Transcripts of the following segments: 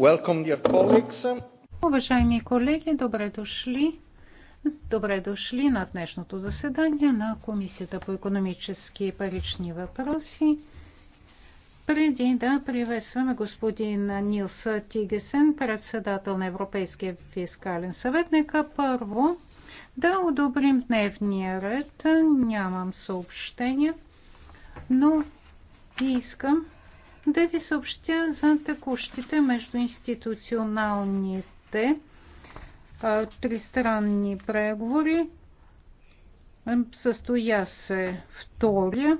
Welcome, Уважаеми колеги, добре дошли. Добре дошли на днешното заседание на Комисията по економически и парични въпроси. Преди да приветстваме господин Нилс Тигесен, председател на Европейския фискален съвет, нека първо да одобрим дневния ред. Нямам съобщения, но искам да ви съобщя за текущите междуинституционалните тристранни преговори. Състоя се втория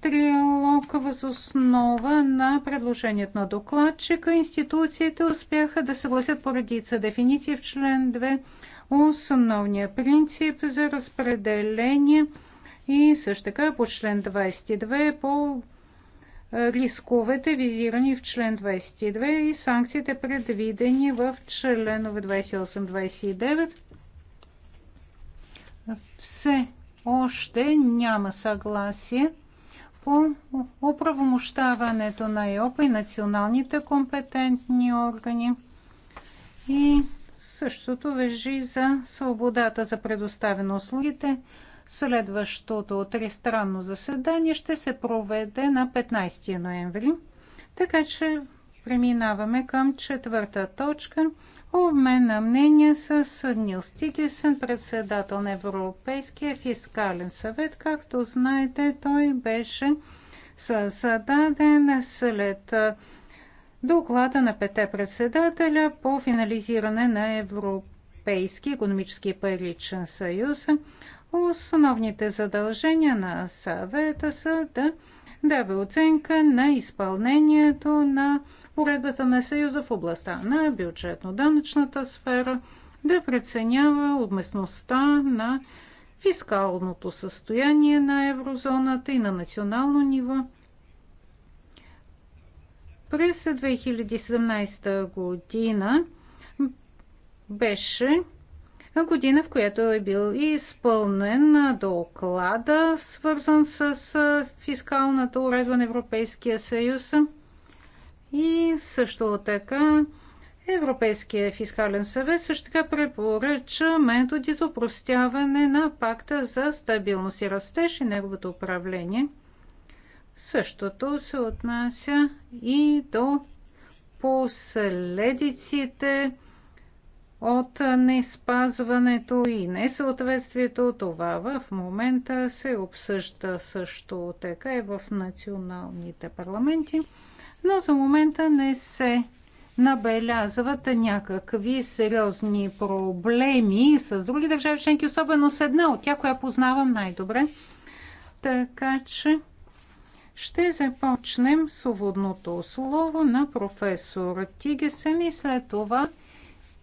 триалог въз основа на предложението на докладчика. Институциите успяха да съгласят по редица дефиниции в член 2 основния принцип за разпределение и също така по член 22 по рисковете, визирани в член 22 и санкциите, предвидени в членове 28-29. Все още няма съгласие по оправомощаването на ЕОП и националните компетентни органи. И същото вежи за свободата за предоставяне услугите. Следващото тристранно заседание ще се проведе на 15 ноември. Така че преминаваме към четвърта точка. Обмен на мнение с Нил Стигесен, председател на Европейския фискален съвет. Както знаете, той беше създаден след доклада на пете председателя по финализиране на Европейския економически паричен съюз. Основните задължения на съвета са да дава оценка на изпълнението на уредбата на Съюза в областта на бюджетно-данъчната сфера, да преценява отместността на фискалното състояние на еврозоната и на национално ниво. През 2017 година беше година, в която е бил изпълнен доклада, свързан с фискалната уредба на Европейския съюз и също така Европейския фискален съвет също така препоръча методи за упростяване на пакта за стабилност и растеж и неговото управление. Същото се отнася и до последиците от неспазването и несъответствието. Това в момента се обсъжда също така и в националните парламенти, но за момента не се набелязват някакви сериозни проблеми с други държави членки, особено с една от тях, която познавам най-добре. Така че ще започнем с уводното слово на професор Тигесен и след това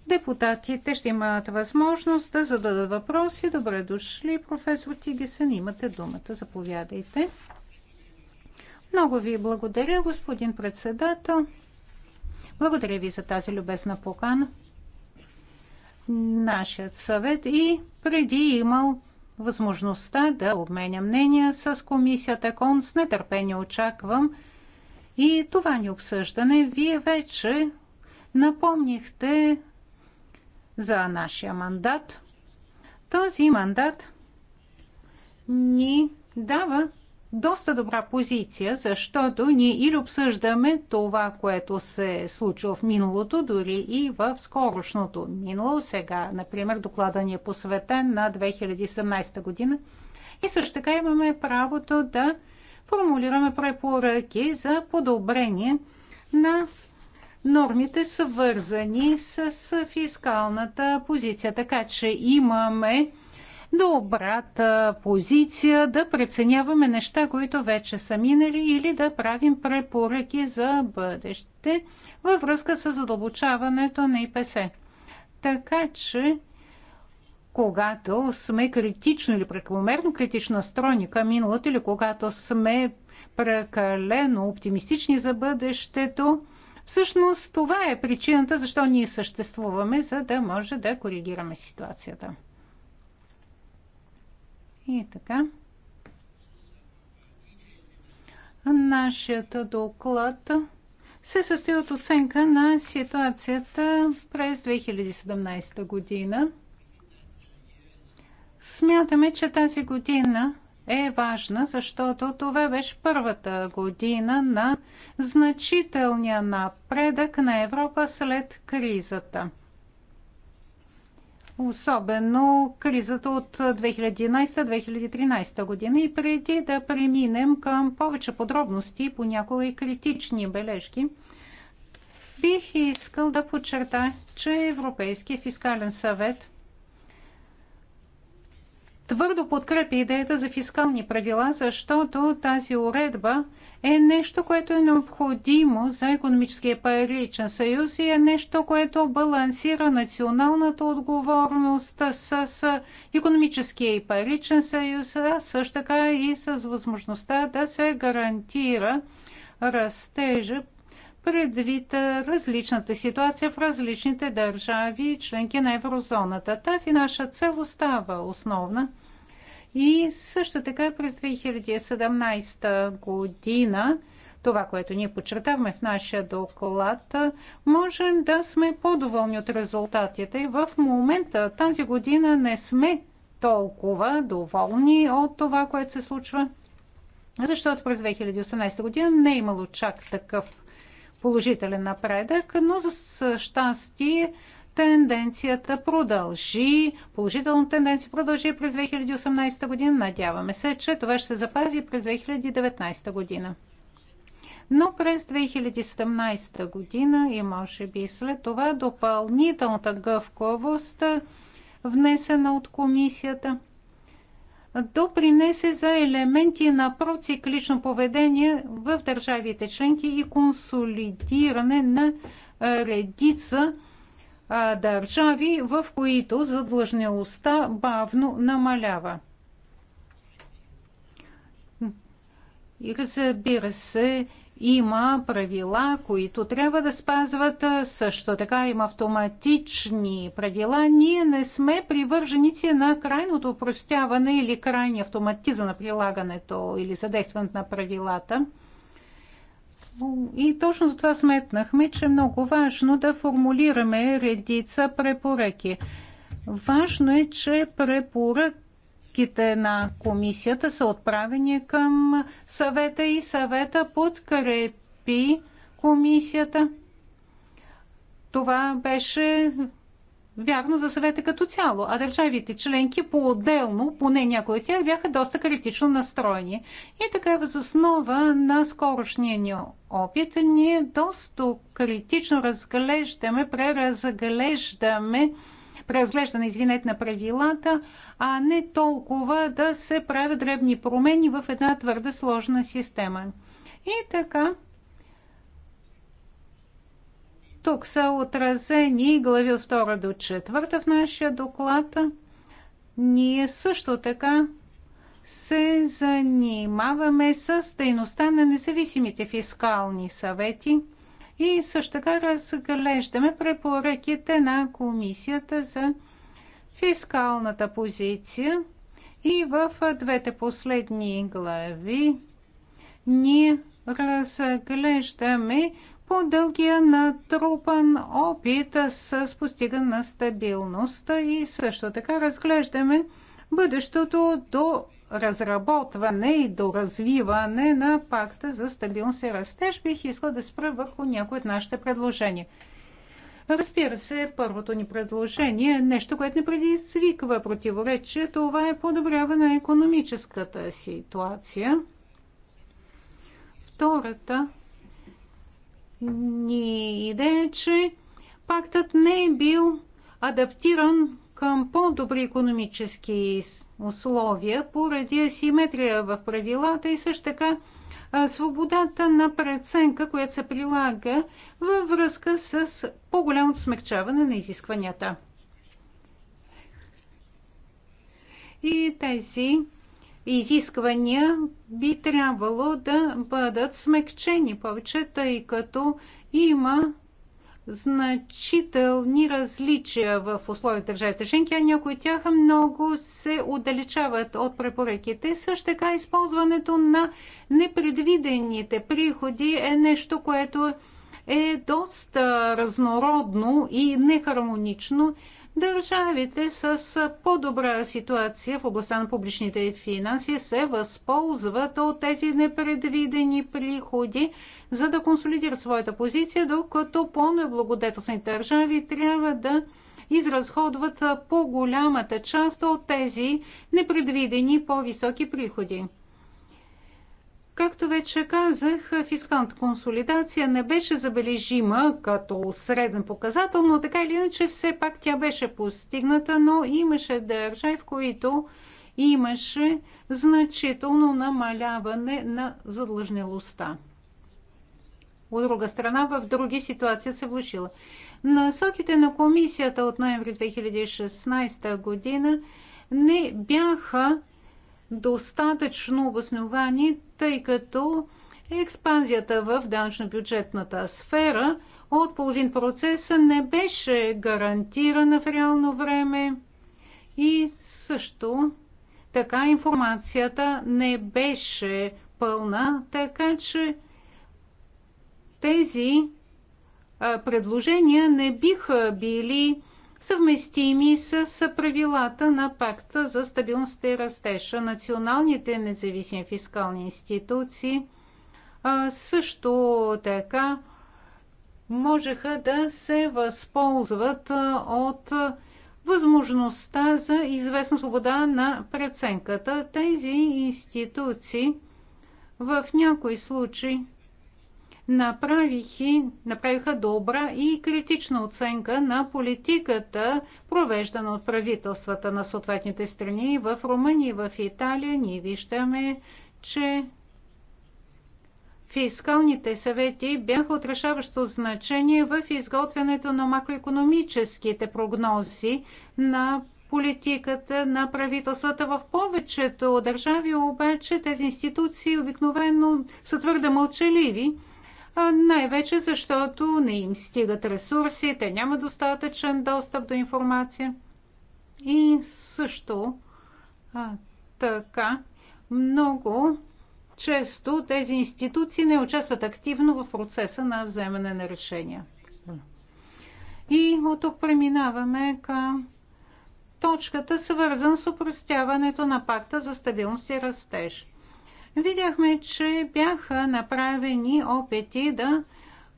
Депутатите ще имат възможност да зададат въпроси. Добре дошли, професор Тигисън. Имате думата. Заповядайте. Много ви благодаря, господин председател. Благодаря ви за тази любезна покана. Нашият съвет и преди имал възможността да обменя мнения с комисията КОН. С нетърпение очаквам и това ни обсъждане. Вие вече напомнихте за нашия мандат. Този мандат ни дава доста добра позиция, защото ние или обсъждаме това, което се е случило в миналото, дори и в скорошното минало. Сега, например, доклада ни е посветен на 2017 година. И също така имаме правото да формулираме препоръки за подобрение на нормите са вързани с фискалната позиция, така че имаме добрата позиция да преценяваме неща, които вече са минали или да правим препоръки за бъдеще във връзка с задълбочаването на ИПС. Така че, когато сме критично или прекомерно критично настроени към миналото или когато сме прекалено оптимистични за бъдещето, Всъщност това е причината защо ние съществуваме, за да може да коригираме ситуацията. И така. Нашият доклад се състои от оценка на ситуацията през 2017 година. Смятаме, че тази година е важна, защото това беше първата година на значителния напредък на Европа след кризата. Особено кризата от 2011-2013 година и преди да преминем към повече подробности, по някои критични бележки, бих искал да подчерта, че Европейския фискален съвет – твърдо подкрепя идеята за фискални правила, защото тази уредба е нещо, което е необходимо за економическия паричен съюз и е нещо, което балансира националната отговорност с економическия и паричен съюз, а също така и с възможността да се гарантира растежа предвид различната ситуация в различните държави и членки на еврозоната. Тази наша цел остава основна. И също така през 2017 година това, което ние подчертаваме в нашия доклад, можем да сме по-доволни от резултатите. В момента тази година не сме толкова доволни от това, което се случва, защото през 2018 година не е имало чак такъв положителен напредък, но за щастие тенденцията продължи, положителна тенденция продължи през 2018 година. Надяваме се, че това ще се запази през 2019 година. Но през 2017 година и може би след това допълнителната гъвковост, внесена от комисията – допринесе за елементи на проциклично поведение в държавите членки и консолидиране на редица държави, в които задлъжнялостта бавно намалява. И разбира се, има правила, които трябва да спазват. Също така има автоматични правила. Ние не сме привърженици на крайното упростяване или крайни автоматизъм на прилагането или съдействането на правилата. И точно за това сметнахме, че е много важно да формулираме редица препоръки. Важно е, че препорък препоръките на комисията са отправени към съвета и съвета подкрепи комисията. Това беше вярно за съвета като цяло, а държавите членки по-отделно, поне някои от тях, бяха доста критично настроени. И така, възоснова на скорошния ни опит, ние доста критично разглеждаме, преразглеждаме, преразглеждане, извинете, на правилата, а не толкова да се правят дребни промени в една твърде сложна система. И така, тук са отразени глави от 2 до 4 в нашия доклад. Ние също така се занимаваме с дейността на независимите фискални съвети и също така разглеждаме препоръките на Комисията за фискалната позиция и в двете последни глави ние разглеждаме по дългия натрупан опит с постигане на стабилност и също така разглеждаме бъдещото до разработване и до развиване на пакта за стабилност и растеж. Бих искал да спра върху някои от нашите предложения. Разбира се, първото ни предложение е нещо, което не предизвиква противоречие. Това е подобряване на економическата ситуация. Втората ни идея е, че пактът не е бил адаптиран към по-добри економически условия поради асиметрия в правилата и също така свободата на преценка, която се прилага във връзка с по-голямото смягчаване на изискванията. И тези изисквания би трябвало да бъдат смекчени повече, тъй като има значителни различия в условията държавите членки, а някои от тях много се отдалечават от препоръките. Също така използването на непредвидените приходи е нещо, което е доста разнородно и нехармонично. Държавите с по-добра ситуация в областта на публичните финанси се възползват от тези непредвидени приходи, за да консолидират своята позиция, докато по-неблагодетелствените държави трябва да изразходват по-голямата част от тези непредвидени по-високи приходи. Както вече казах, фискалната консолидация не беше забележима като среден показател, но така или иначе все пак тя беше постигната, но имаше държави, в които имаше значително намаляване на задлъжнялостта. От друга страна, в други ситуации се влушила. Насоките на комисията от ноември 2016 година не бяха достатъчно обосновани, тъй като експанзията в данъчно-бюджетната сфера от половин процеса не беше гарантирана в реално време и също така информацията не беше пълна, така че тези предложения не биха били съвместими с правилата на пакта за стабилност и растежа. Националните независими фискални институции също така можеха да се възползват от възможността за известна свобода на преценката. Тези институции в някои случаи направихи, направиха добра и критична оценка на политиката, провеждана от правителствата на съответните страни. В Румъния и в Италия ние виждаме, че фискалните съвети бяха отрешаващо значение в изготвянето на макроекономическите прогнози на политиката на правителствата в повечето държави, обаче тези институции обикновено са твърде мълчаливи най-вече защото не им стигат ресурси, те няма достатъчен достъп до информация. И също а, така много често тези институции не участват активно в процеса на вземане на решения. И от тук преминаваме към точката, свързан с упростяването на пакта за стабилност и растеж видяхме, че бяха направени опити да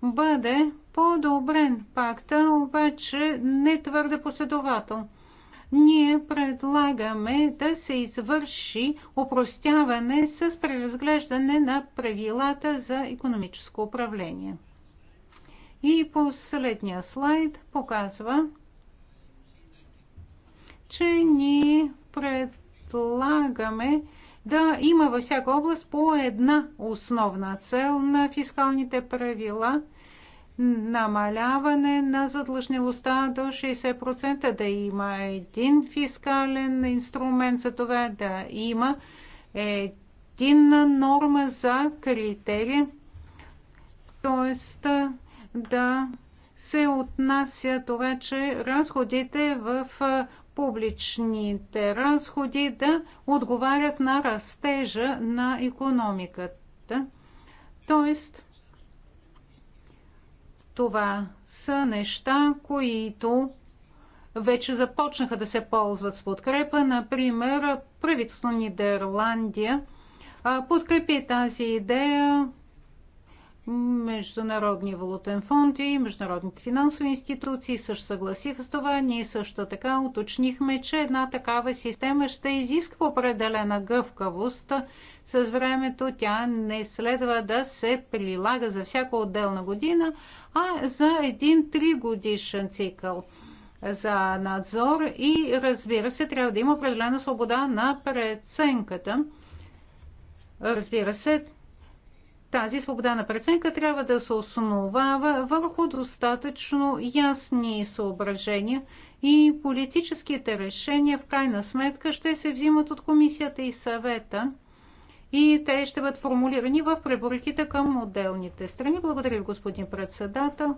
бъде подобрен пакта, обаче не твърде последовател. Ние предлагаме да се извърши упростяване с преразглеждане на правилата за економическо управление. И последния слайд показва, че ние предлагаме да има във всяка област по една основна цел на фискалните правила намаляване на задлъжнилостта до 60%, да има един фискален инструмент за това, да има единна норма за критерия, т.е. да се отнася това, че разходите в публичните разходи да отговарят на растежа на економиката. Тоест, това са неща, които вече започнаха да се ползват с подкрепа. Например, правителство Нидерландия подкрепи тази идея Международния валутен фонд и международните финансови институции също съгласиха с това. Ние също така уточнихме, че една такава система ще изисква определена гъвкавост с времето. Тя не следва да се прилага за всяка отделна година, а за един тригодишен цикъл за надзор и разбира се, трябва да има определена свобода на преценката. Разбира се, тази свобода на преценка трябва да се основава върху достатъчно ясни съображения и политическите решения в крайна сметка ще се взимат от комисията и съвета и те ще бъдат формулирани в преборките към отделните страни. Благодаря ви, господин председател.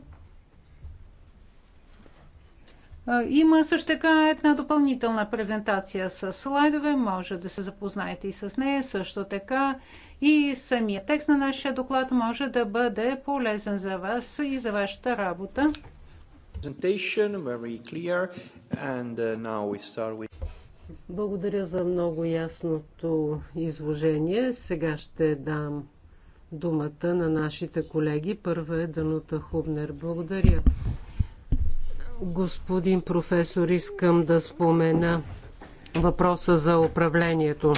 Има също така една допълнителна презентация с слайдове, може да се запознаете и с нея. Също така и самия текст на нашия доклад може да бъде полезен за вас и за вашата работа. Uh, Благодаря за много ясното изложение. Сега ще дам думата на нашите колеги. Първа е Данута Хубнер. Благодаря. Господин професор, искам да спомена въпроса за управлението.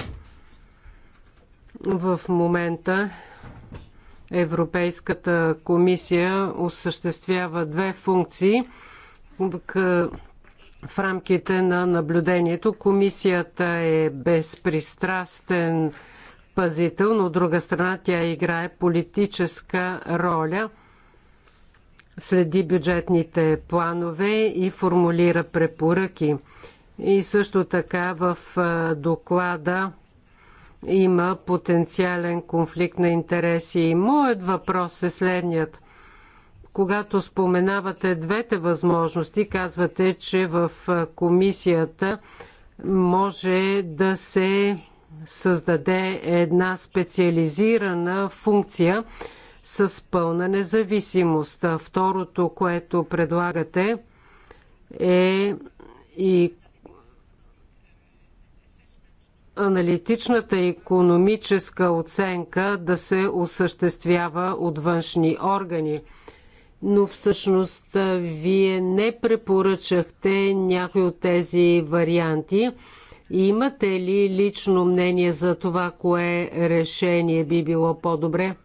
В момента Европейската комисия осъществява две функции в рамките на наблюдението. Комисията е безпристрастен пазител, но от друга страна тя играе политическа роля, следи бюджетните планове и формулира препоръки. И също така в доклада има потенциален конфликт на интереси. И моят въпрос е следният. Когато споменавате двете възможности, казвате, че в комисията може да се създаде една специализирана функция с пълна независимост. Второто, което предлагате е и аналитичната економическа оценка да се осъществява от външни органи. Но всъщност вие не препоръчахте някои от тези варианти. Имате ли лично мнение за това, кое решение би било по-добре?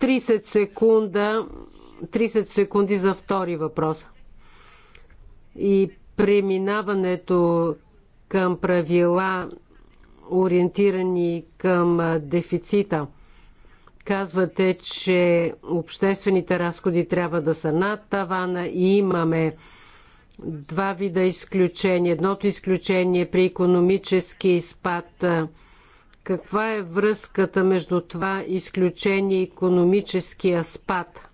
30 секунда, 30 секунди за втори въпрос. И преминаването към правила, ориентирани към дефицита. Казвате, че обществените разходи трябва да са над тавана и имаме два вида изключения. Едното изключение при економически спад. Каква е връзката между това изключение и економическия спад?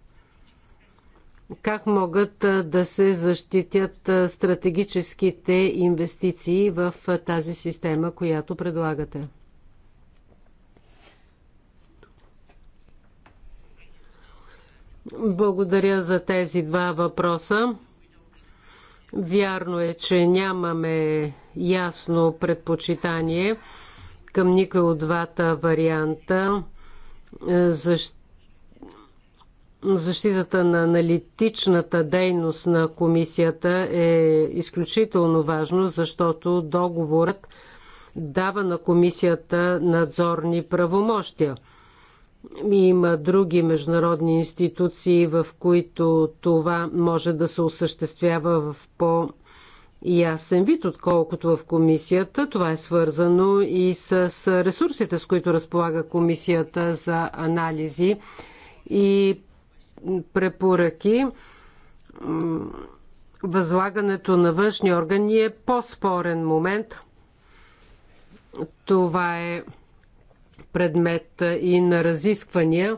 как могат да се защитят стратегическите инвестиции в тази система, която предлагате? Благодаря за тези два въпроса. Вярно е, че нямаме ясно предпочитание към никой от двата варианта, защото защитата на аналитичната дейност на комисията е изключително важно, защото договорът дава на комисията надзорни правомощия. Има други международни институции, в които това може да се осъществява в по- ясен вид, отколкото в комисията. Това е свързано и с ресурсите, с които разполага комисията за анализи и препоръки, възлагането на външни органи е по-спорен момент. Това е предмет и на разисквания,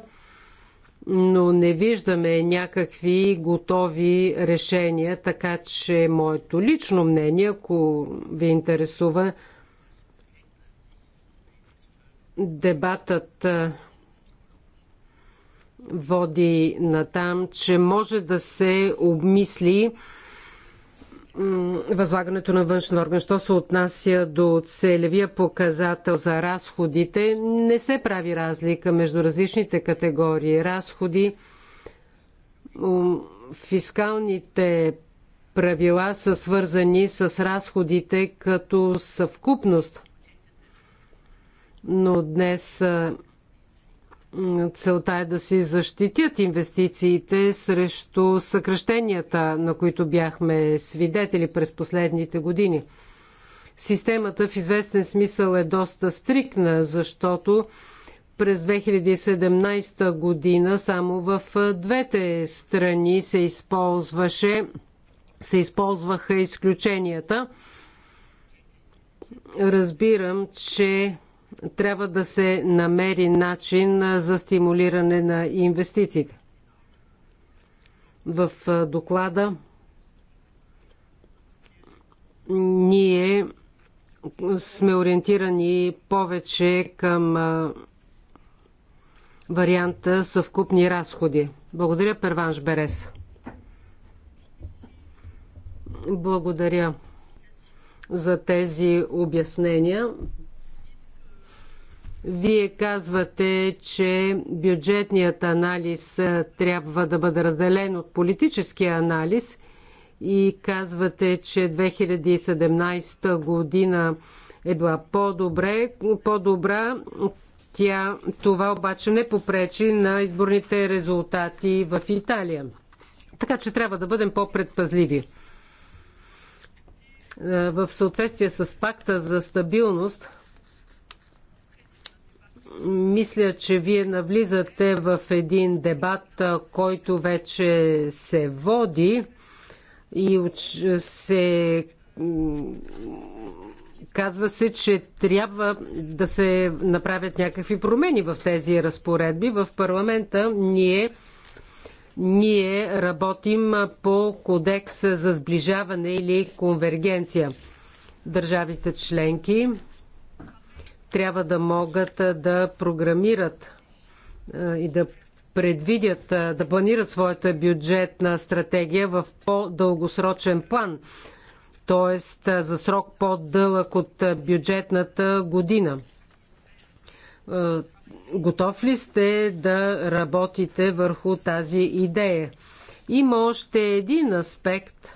но не виждаме някакви готови решения, така че моето лично мнение, ако ви интересува, дебатът води на там, че може да се обмисли възлагането на външен орган. Що се отнася до целевия показател за разходите, не се прави разлика между различните категории разходи. Фискалните правила са свързани с разходите като съвкупност. Но днес Целта е да си защитят инвестициите срещу съкръщенията, на които бяхме свидетели през последните години. Системата в известен смисъл е доста стрикна, защото през 2017 година само в двете страни се използваше се използваха изключенията. Разбирам, че трябва да се намери начин за стимулиране на инвестициите. В доклада ние сме ориентирани повече към варианта съвкупни разходи. Благодаря, Перванш Берес. Благодаря за тези обяснения. Вие казвате, че бюджетният анализ трябва да бъде разделен от политическия анализ и казвате, че 2017 година е била по-добре, по-добра. Тя, това обаче не попречи на изборните резултати в Италия. Така че трябва да бъдем по-предпазливи. В съответствие с пакта за стабилност, мисля, че вие навлизате в един дебат, който вече се води и се казва се, че трябва да се направят някакви промени в тези разпоредби. В парламента ние ние работим по кодекса за сближаване или конвергенция. Държавите членки трябва да могат да програмират и да предвидят, да планират своята бюджетна стратегия в по-дългосрочен план, т.е. за срок по-дълъг от бюджетната година. Готов ли сте да работите върху тази идея? Има още един аспект –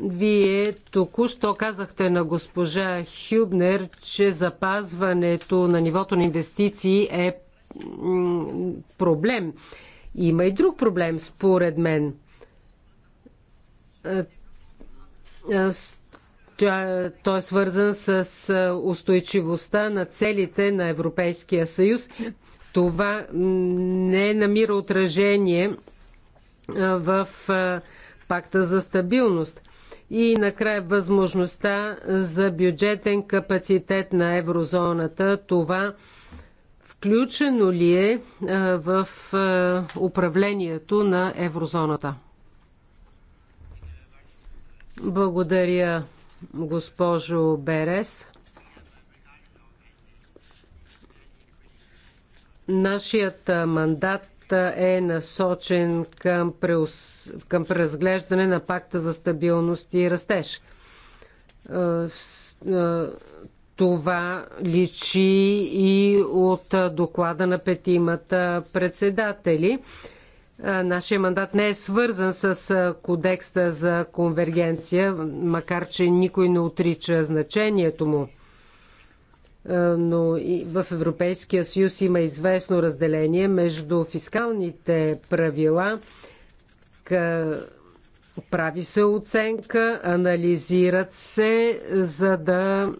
вие току-що казахте на госпожа Хюбнер, че запазването на нивото на инвестиции е проблем. Има и друг проблем, според мен. Е, е, той е свързан с е, устойчивостта на целите на Европейския съюз. Това не намира отражение в пакта за стабилност. И накрая възможността за бюджетен капацитет на еврозоната. Това включено ли е в управлението на еврозоната? Благодаря, госпожо Берес. Нашият мандат е насочен към, преус... към преразглеждане на пакта за стабилност и растеж. Е, е, това личи и от доклада на петимата председатели. Е, нашия мандат не е свързан с кодекста за конвергенция, макар че никой не отрича значението му. Е, но и в Европейския съюз има известно разделение между фискалните правила. Прави се оценка, анализират се, за да,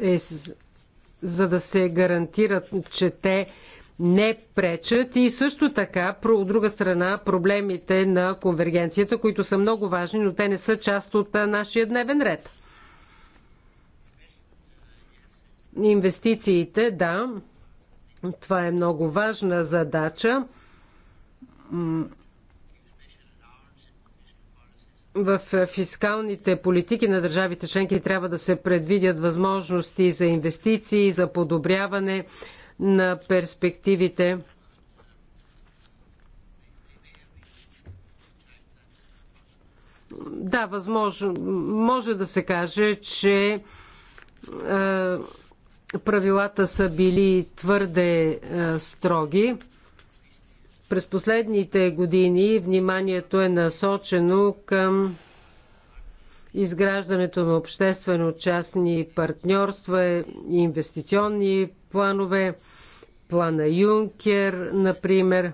е, за да се гарантират, че те не пречат и също така, от друга страна, проблемите на конвергенцията, които са много важни, но те не са част от нашия дневен ред. Инвестициите, да, това е много важна задача. В фискалните политики на държавите членки трябва да се предвидят възможности за инвестиции, за подобряване на перспективите. Да, възможно. Може да се каже, че правилата са били твърде е, строги. През последните години вниманието е насочено към изграждането на обществено-частни партньорства, инвестиционни планове, плана Юнкер, например.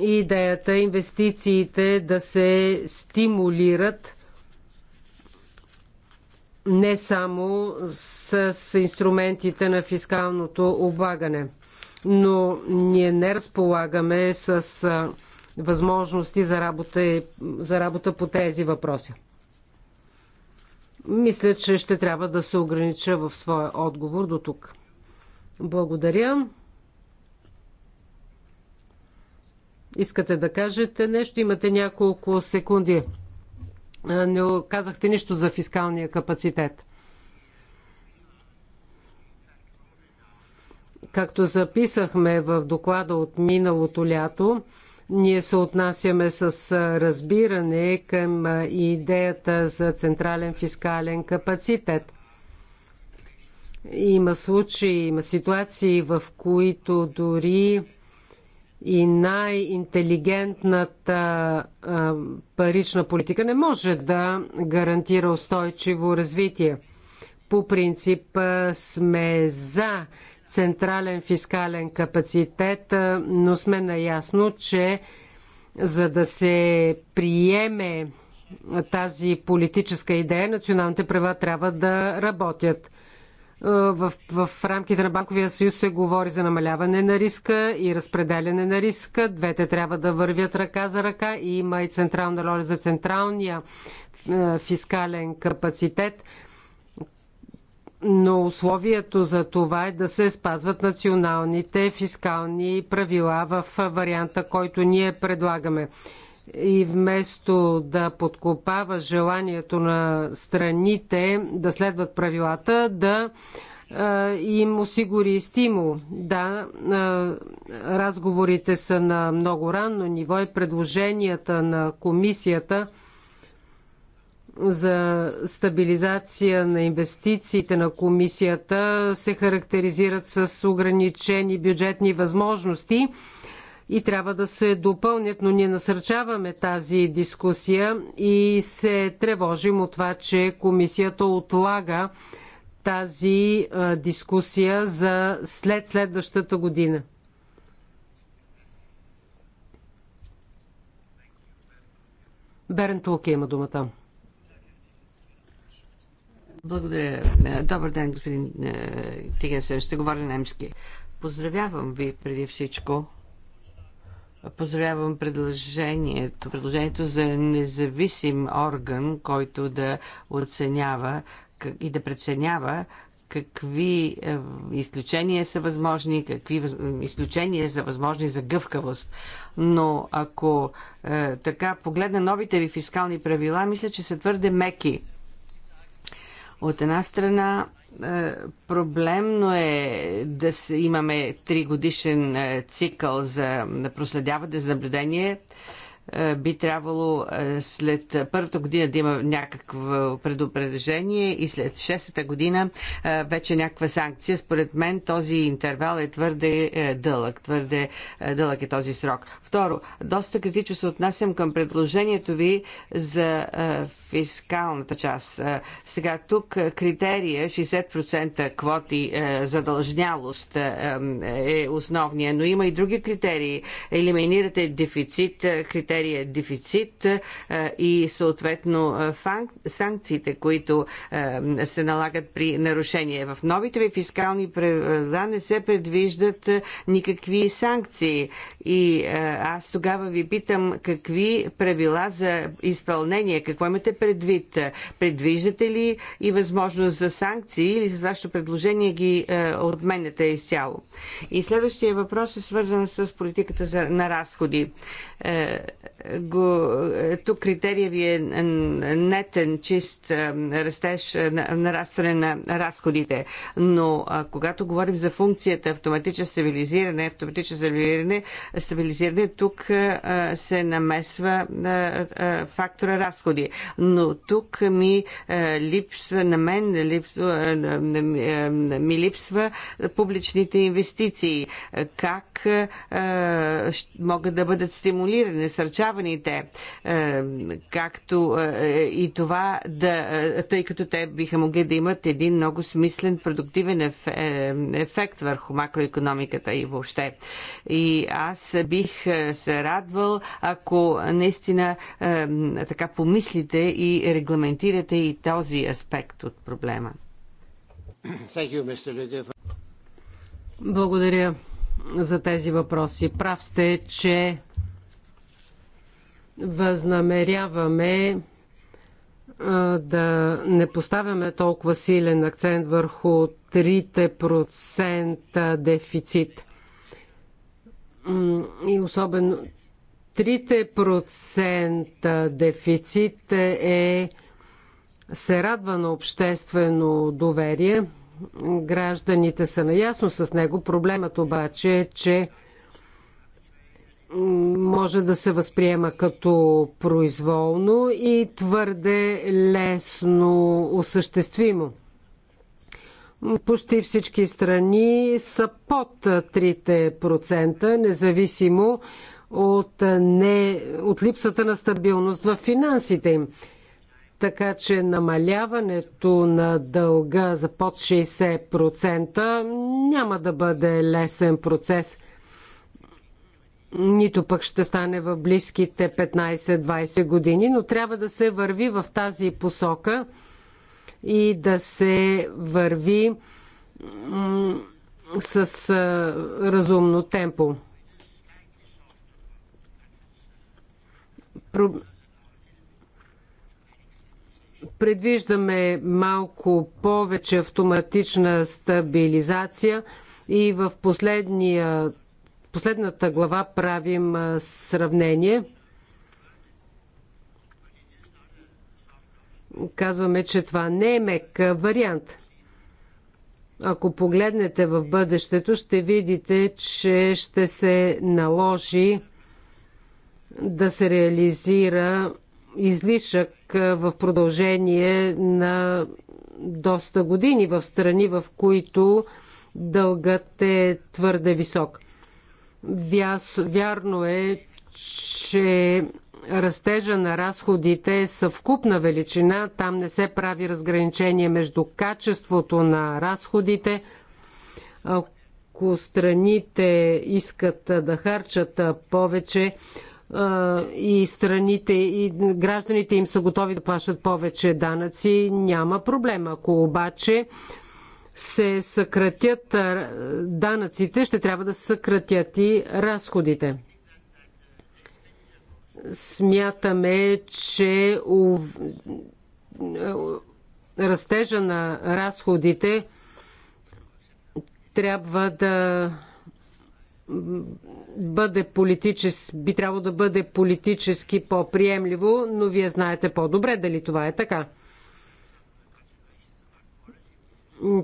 Идеята е инвестициите да се стимулират не само с инструментите на фискалното облагане. Но ние не разполагаме с възможности за работа, за работа по тези въпроси. Мисля, че ще трябва да се огранича в своя отговор до тук. Благодаря. Искате да кажете нещо? Имате няколко секунди не казахте нищо за фискалния капацитет. Както записахме в доклада от миналото лято, ние се отнасяме с разбиране към идеята за централен фискален капацитет. Има случаи, има ситуации, в които дори и най-интелигентната парична политика не може да гарантира устойчиво развитие. По принцип сме за централен фискален капацитет, но сме наясно, че за да се приеме тази политическа идея, националните права трябва да работят. Е, в, в рамките на Банковия съюз се говори за намаляване на риска и разпределяне на риска. Двете трябва да вървят ръка за ръка. И има и централна роля за централния е, фискален капацитет. Но условието за това е да се спазват националните фискални правила в варианта, който ние предлагаме и вместо да подкопава желанието на страните да следват правилата, да им осигури стимул. Да, разговорите са на много ранно ниво и предложенията на комисията за стабилизация на инвестициите на комисията се характеризират с ограничени бюджетни възможности и трябва да се допълнят, но ние насърчаваме тази дискусия и се тревожим от това, че комисията отлага тази дискусия за след следващата година. Берен Тулки има думата. Благодаря. Е, добър ден, господин е, Тигенсен. Ще говоря немски. Поздравявам ви преди всичко поздравявам предложението, предложението за независим орган, който да оценява и да преценява какви е, изключения са възможни, какви изключения са възможни за гъвкавост. Но ако е, така погледна новите ви фискални правила, мисля, че са твърде меки. От една страна е, проблемно е да имаме тригодишен е, цикъл за проследяване, за наблюдение. Е, би трябвало е, след първата година да има някакво предупреждение и след шестата година е, вече някаква санкция. Според мен този интервал е твърде дълъг. Твърде дълъг е този срок. Второ, доста критично се отнасям към предложението ви за фискалната част. Сега тук критерия 60% квоти задължнялост е основния, но има и други критерии. Елиминирате дефицит, критерия серия дефицит и съответно санкциите, които се налагат при нарушение. В новите ви фискални правила не се предвиждат никакви санкции. И аз тогава ви питам какви правила за изпълнение, какво имате предвид? Предвиждате ли и възможност за санкции или с вашето предложение ги отменяте изцяло? И следващия въпрос е свързан с политиката на разходи. Е, го, е, тук критерия ви е нетен, чист е, растеж, е, нарастване на разходите. Но а, когато говорим за функцията автоматично стабилизиране, автоматично стабилизиране, стабилизиране тук а, се намесва а, фактора разходи. Но тук ми липсва, на мен липсва, ми липсва публичните инвестиции. Как могат да бъдат стимулирани, сърчат обучаваните, е, както е, е, и това да, тъй като те биха могли да имат един много смислен, продуктивен ефект върху макроекономиката и въобще. И аз бих се радвал, ако наистина така помислите и регламентирате и този аспект от проблема. Благодаря за тези въпроси. Прав сте, че Възнамеряваме да не поставяме толкова силен акцент върху 3% дефицит. И особено 3% дефицит е се радва на обществено доверие. Гражданите са наясно с него. Проблемът обаче е, че може да се възприема като произволно и твърде лесно осъществимо. Почти всички страни са под 3%, независимо от, не, от липсата на стабилност в финансите им. Така че намаляването на дълга за под 60% няма да бъде лесен процес – нито пък ще стане в близките 15-20 години, но трябва да се върви в тази посока и да се върви с разумно темпо. Предвиждаме малко повече автоматична стабилизация и в последния последната глава правим сравнение. Казваме, че това не е мек вариант. Ако погледнете в бъдещето, ще видите, че ще се наложи да се реализира излишък в продължение на доста години в страни, в които дългът е твърде висок. Вярно е, че растежа на разходите е съвкупна величина. Там не се прави разграничение между качеството на разходите. Ако страните искат да харчат повече, и страните и гражданите им са готови да плащат повече данъци, няма проблем. Ако обаче се съкратят данъците, ще трябва да се съкратят и разходите. Смятаме, че растежа на разходите трябва да бъде политически, би трябвало да бъде политически по-приемливо, но вие знаете по-добре дали това е така.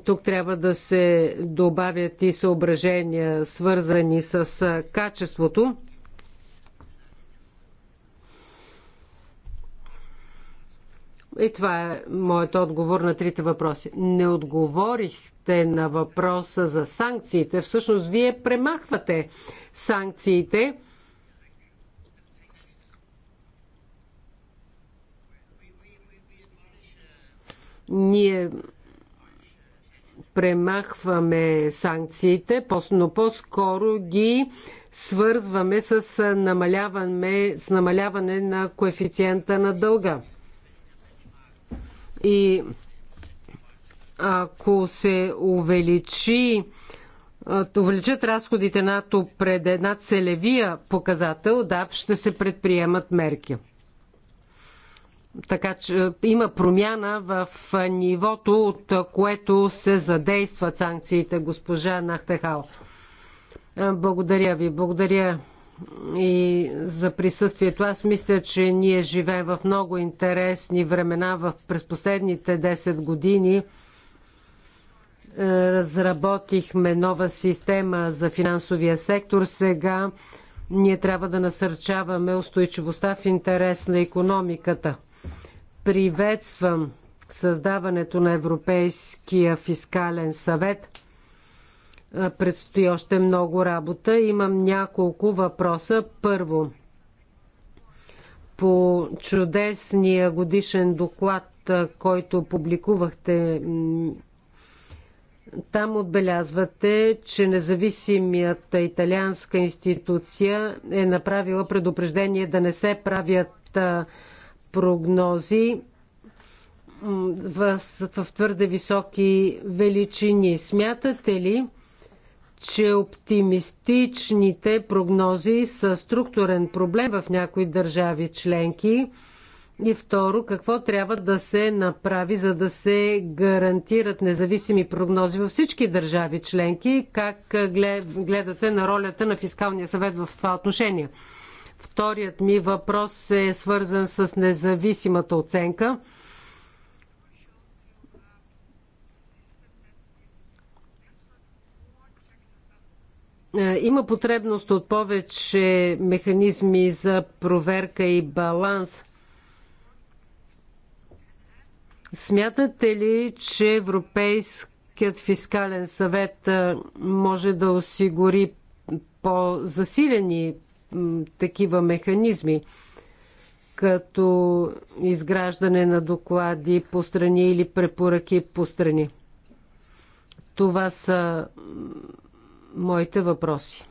Тук трябва да се добавят и съображения, свързани с качеството. И това е моят отговор на трите въпроси. Не отговорихте на въпроса за санкциите. Всъщност, вие премахвате санкциите. Ние премахваме санкциите, но по-скоро ги свързваме с намаляване, с намаляване на коефициента на дълга. И ако се увеличи увеличат разходите над, пред една целевия показател, да, ще се предприемат мерки така че е, има промяна в е, нивото, от е, което се задействат санкциите, госпожа Нахтехал. Благодаря ви. Благодаря и за присъствието. Аз мисля, че ние живеем в много интересни времена в през последните 10 години. Разработихме нова система за финансовия сектор. Сега ние трябва да насърчаваме устойчивостта в интерес на економиката. Приветствам създаването на Европейския фискален съвет. Предстои още много работа. Имам няколко въпроса. Първо, по чудесния годишен доклад, който публикувахте там отбелязвате, че независимията италианска институция е направила предупреждение да не се правят прогнози в, в твърде високи величини. Смятате ли, че оптимистичните прогнози са структурен проблем в някои държави членки? И второ, какво трябва да се направи, за да се гарантират независими прогнози във всички държави членки? Как гледате на ролята на Фискалния съвет в това отношение? Вторият ми въпрос е свързан с независимата оценка. Е, има потребност от повече механизми за проверка и баланс. Смятате ли, че Европейският фискален съвет е, може да осигури по-засилени такива механизми, като изграждане на доклади по страни или препоръки по страни. Това са моите въпроси.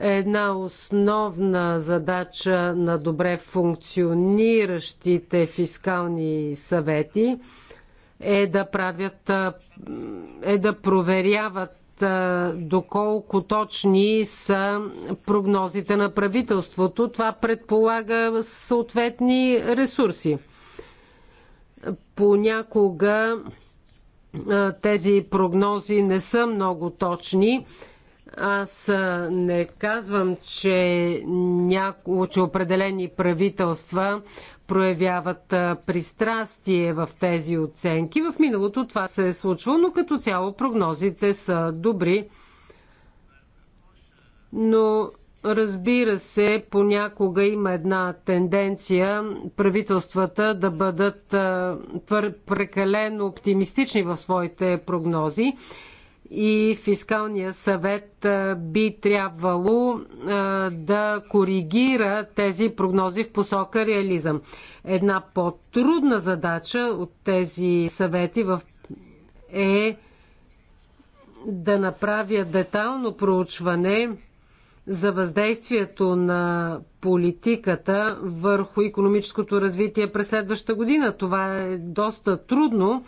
Една основна задача на добре функциониращите фискални съвети – е да правят, е да проверяват доколко точни са прогнозите на правителството. Това предполага съответни ресурси. Понякога тези прогнози не са много точни. Аз не казвам, че, няко... че определени правителства проявяват пристрастие в тези оценки. В миналото това се е случвало, но като цяло прогнозите са добри. Но разбира се, понякога има една тенденция правителствата да бъдат прекалено оптимистични в своите прогнози и фискалния съвет би трябвало да коригира тези прогнози в посока реализъм. Една по-трудна задача от тези съвети е да направя детално проучване за въздействието на политиката върху економическото развитие през следващата година. Това е доста трудно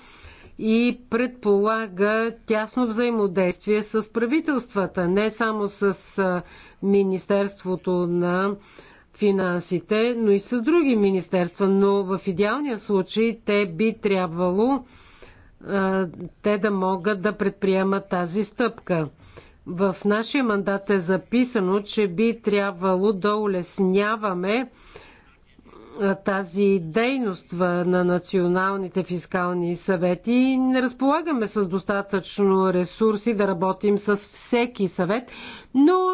и предполага тясно взаимодействие с правителствата, не само с Министерството на финансите, но и с други министерства. Но в идеалния случай те би трябвало те да могат да предприемат тази стъпка. В нашия мандат е записано, че би трябвало да улесняваме тази дейност на националните фискални съвети. Не разполагаме с достатъчно ресурси да работим с всеки съвет, но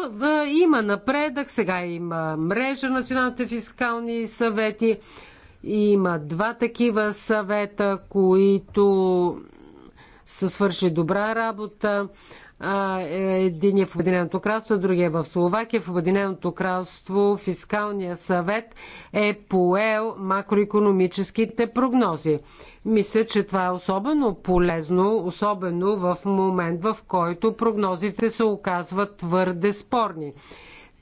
има напредък. Сега има мрежа на националните фискални съвети. Има два такива съвета, които са свършили добра работа. Е, един е в Обединеното кралство, другия е в Словакия. В Обединеното кралство фискалния съвет е поел макроекономическите прогнози. Мисля, че това е особено полезно, особено в момент, в който прогнозите се оказват твърде спорни.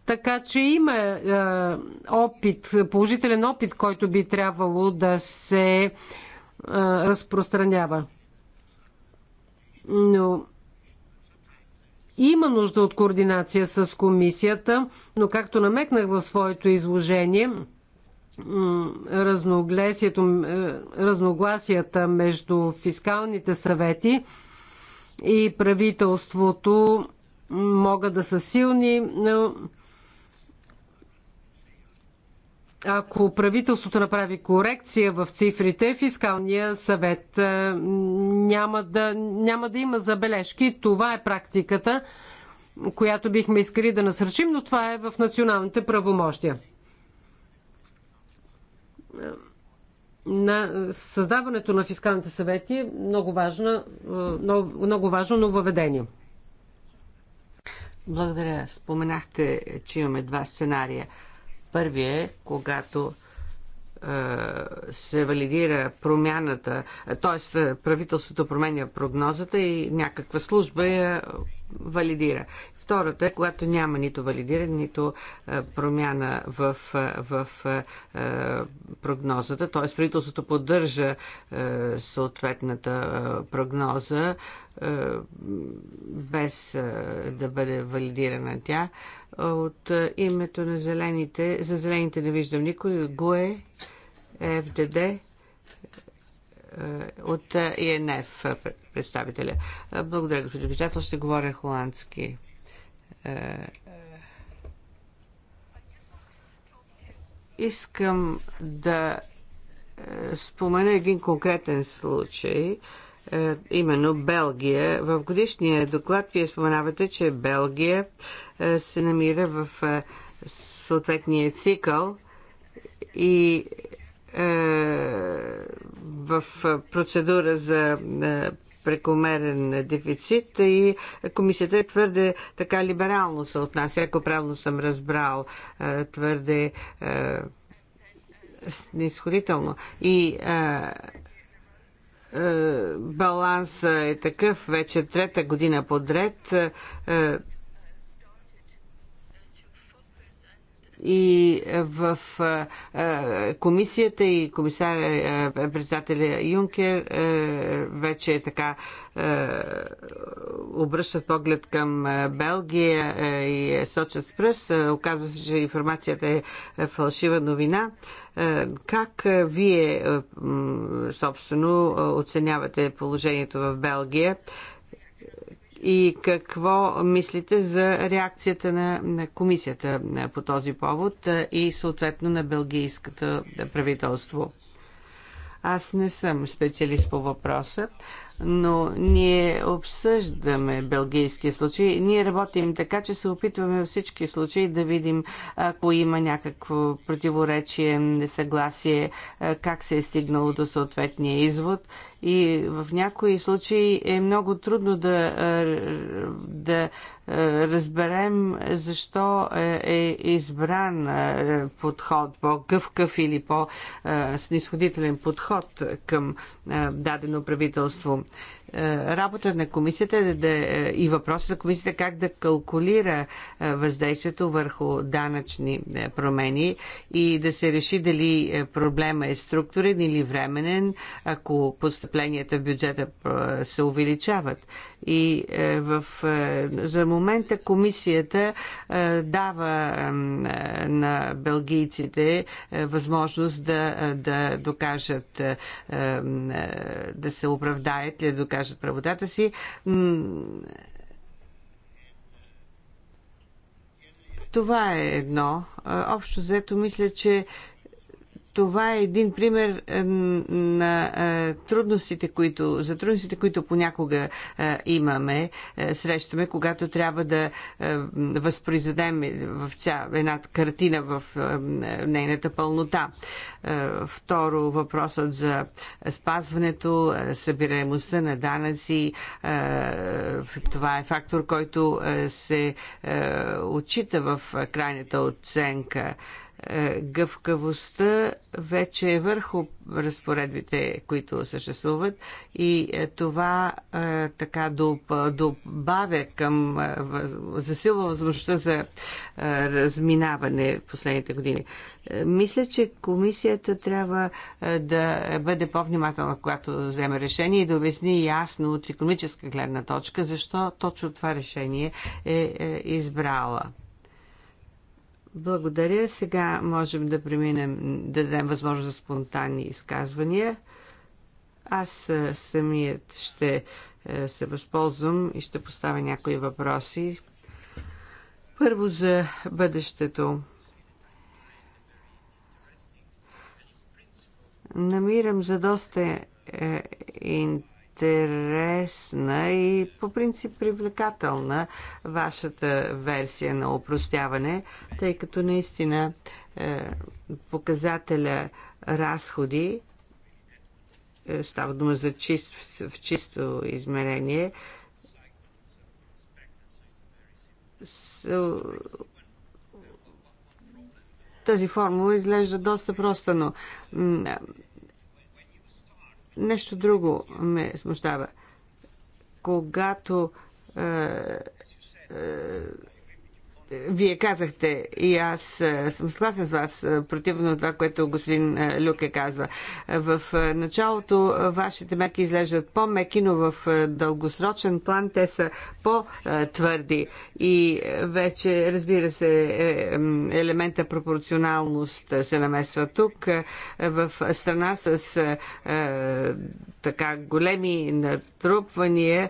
Така че има е, опит, положителен опит, който би трябвало да се е, разпространява. Но има нужда от координация с комисията, но както намекнах в своето изложение, е, разногласията между фискалните съвети и правителството могат да са силни, но ако правителството направи корекция в цифрите, фискалния съвет е, няма да, няма да има забележки. Това е практиката, която бихме искали да насръчим, но това е в националните правомощия. Е, на създаването на фискалните съвети е много, важно, е, много, много важно нововведение. Благодаря. Споменахте, че имаме два сценария – Първият е, когато се валидира промяната, т.е. правителството променя прогнозата и някаква служба я валидира. Втората е, когато няма нито валидиране, нито е, промяна в, е, в, в е, прогнозата, т.е. правителството поддържа съответната прогноза без да бъде валидирана тя. От името на зелените, за зелените не виждам никой. ГУЕ, ФДД, от ИНФ представителя. Благодаря, господин председател. Ще говоря холандски. Е, искам да е, спомена един конкретен случай, е, именно Белгия. В годишния доклад вие споменавате, че Белгия се намира в съответния цикъл и в процедура за прекомерен дефицит и комисията е твърде така либерално се отнася, ако правилно съм разбрал, е, твърде е, снисходително. И е, баланса е такъв вече трета година подред. и в комисията и комисар председателя Юнкер вече така обръщат поглед към Белгия и сочат с пръст. Оказва се, че информацията е, е фалшива новина. Как вие собствено оценявате положението в Белгия? и какво мислите за реакцията на, на комисията по този повод и съответно на белгийското правителство? Аз не съм специалист по въпроса, но ние обсъждаме белгийски случаи. Ние работим така, че се опитваме във всички случаи да видим ако има някакво противоречие, несъгласие, как се е стигнало до съответния извод и в някои случаи е много трудно да, е, да е, разберем защо е, е избран подход, по-гъвкав или по-снисходителен подход към дадено правителство работа на комисията е да, е, и въпроса за комисията е как да калкулира въздействието върху данъчни промени и да се реши дали проблема е структурен или временен, ако постъпленията в бюджета се увеличават. И в, за момента комисията дава на белгийците възможност да, да докажат, да се оправдаят или да докажат докажат правотата си. Това е едно. Общо взето мисля, че това е един пример е, на е, трудностите, които, за трудностите, които понякога е, имаме, срещаме, когато трябва да възпроизведем в ця, една картина в нейната пълнота. Второ, въпросът за спазването, събираемостта на данъци. Това е фактор, който се отчита в крайната оценка. Е, гъвкавостта вече е върху разпоредбите, които съществуват и е, това е, така добавя към засилва възможността за разминаване в последните години. Мисля, че комисията трябва да бъде по-внимателна, когато вземе решение и да обясни ясно от економическа гледна точка, защо точно това решение е избрала. Благодаря. Сега можем да преминем, да дадем възможност за спонтанни изказвания. Аз самият ще е, се възползвам и ще поставя някои въпроси. Първо за бъдещето. Намирам за доста е, интересно интересна и по принцип привлекателна вашата версия на опростяване, тъй като наистина е, показателя разходи е, става дума за чист, в чисто измерение, с, тази формула изглежда доста проста, но Нещо друго ме смущава. Когато е, е, вие казахте и аз е, съм съгласен с вас, е, противно на това, което господин е, Люке казва. В началото вашите мерки изглеждат по-меки, но в дългосрочен план те са по-твърди. И вече, разбира се, елемента пропорционалност се намесва тук. В страна с така големи натрупвания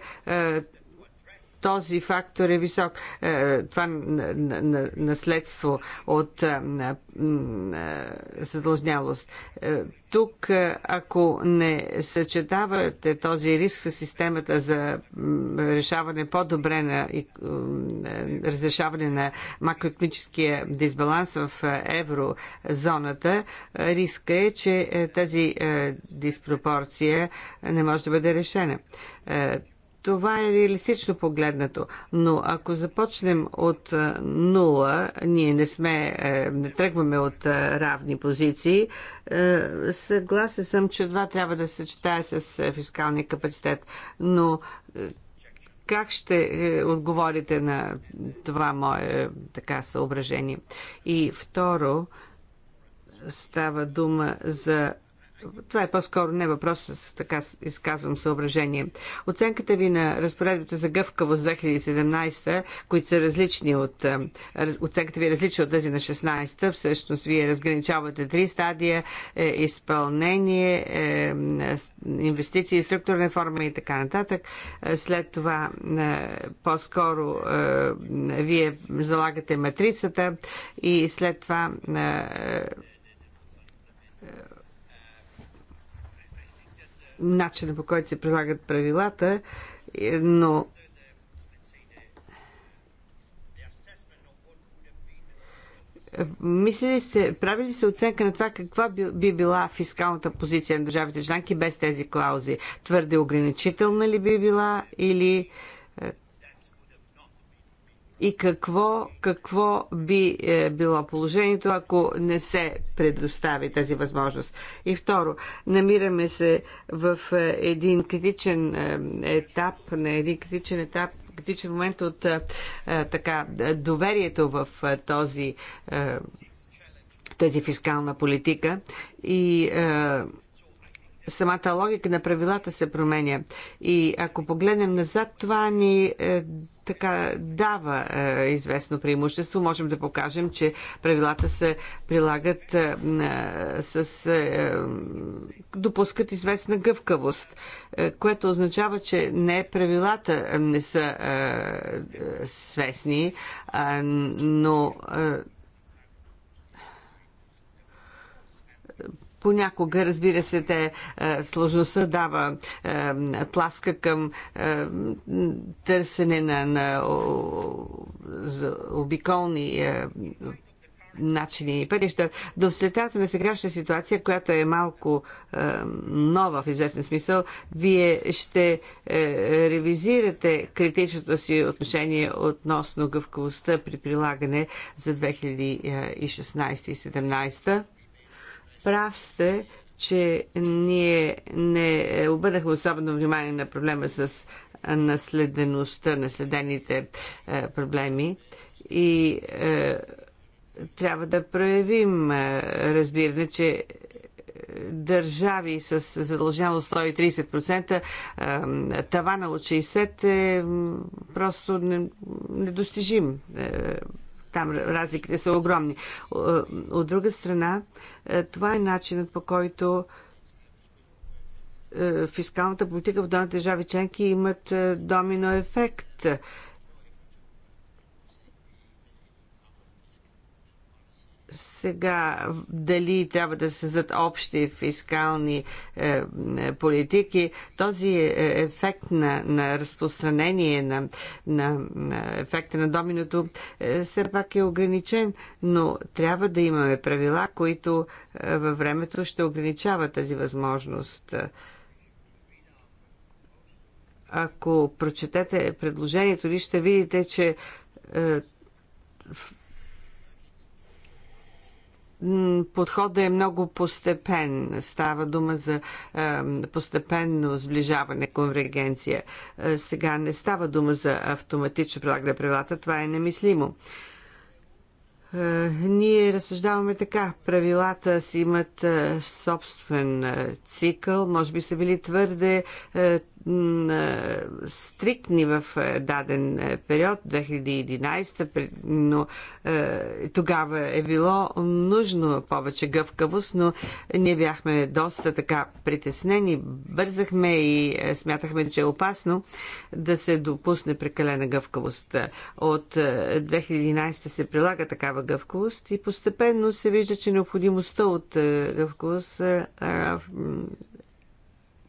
този фактор е висок. Е, това наследство от е, е, задължнялост. Тук, ако не съчетавате този риск с системата за решаване по-добре на разрешаване на макроекономическия дисбаланс в еврозоната, риска е, че тази диспропорция не може да бъде решена това е реалистично погледнато, но ако започнем от нула, ние не сме, е, не тръгваме от равни позиции, е, съгласен съм, че това трябва да се съчетае с е, фискалния капацитет, но как ще отговорите на това мое така съображение? И второ, става дума за това е по-скоро не въпрос с така изказвам съображение. Оценката ви на разпоредбите за гъвкавост 2017, които са различни от... Оценката ви е различна от тази на 16 Всъщност вие разграничавате три стадия е, изпълнение, е, инвестиции, структурна форма и така нататък. Е, след това е, по-скоро е, вие залагате матрицата и след това е, начина по който се прилагат правилата, е, но Мислили сте, правили се оценка на това каква би, би била фискалната позиция на държавите членки без тези клаузи? Твърде ограничителна ли би била или и какво, какво би е, било положението, ако не се предостави тази възможност. И второ, намираме се в е, един критичен е, етап, на един критичен етап критичен момент от е, е така, доверието в е, този, е, тази фискална политика и е, самата логика на правилата се променя. И ако погледнем назад, това ни е, така дава е, известно преимущество. Можем да покажем, че правилата се прилагат е, с. Е, допускат известна гъвкавост, е, което означава, че не правилата не са е, е, свестни, е, но. Е, Понякога, разбира се, те, е, сложността дава е, тласка към е, търсене на, на обиколни начини и пътища. До светата на сегашна ситуация, която е малко е, нова в известен смисъл, вие ще е, ревизирате критичното си отношение относно гъвковостта при прилагане за 2016 и 2017. Прав сте, че ние не обърнахме особено внимание на проблема с наследеността, наследените е, проблеми и е, трябва да проявим е, разбиране, че държави с задължаност 130%, тавана от 60% е просто недостижим там разликите са огромни. Е, от друга страна, е, това е начинът по който е, фискалната политика в отделните държави членки имат домино ефект Сега, дали трябва да се създадат общи фискални е, е политики, този е, ефект на, на разпространение, на, на, на ефекта на доминото, е, все пак е ограничен, но трябва да имаме правила, които е, във времето ще ограничават тази възможност ако прочетете предложението ли, ще видите, че е, подходът е много постепен. Става дума за е, постепенно сближаване, конвергенция. Е, сега не става дума за автоматично прилагане на правилата. Това е немислимо. Е, ние разсъждаваме така. Правилата си имат е, собствен е, цикъл. Може би са били твърде е, стриктни в даден период, 2011, но тогава е било нужно повече гъвкавост, но ние бяхме доста така притеснени, бързахме и смятахме, че е опасно да се допусне прекалена гъвкавост. От 2011 се прилага такава гъвкавост и постепенно се вижда, че необходимостта от гъвкавост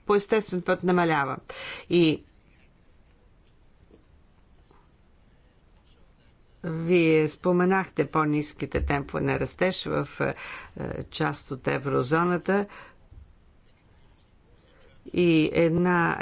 по естествен път намалява. И Вие споменахте по-низките темпове на растеж в е, част от еврозоната. И една,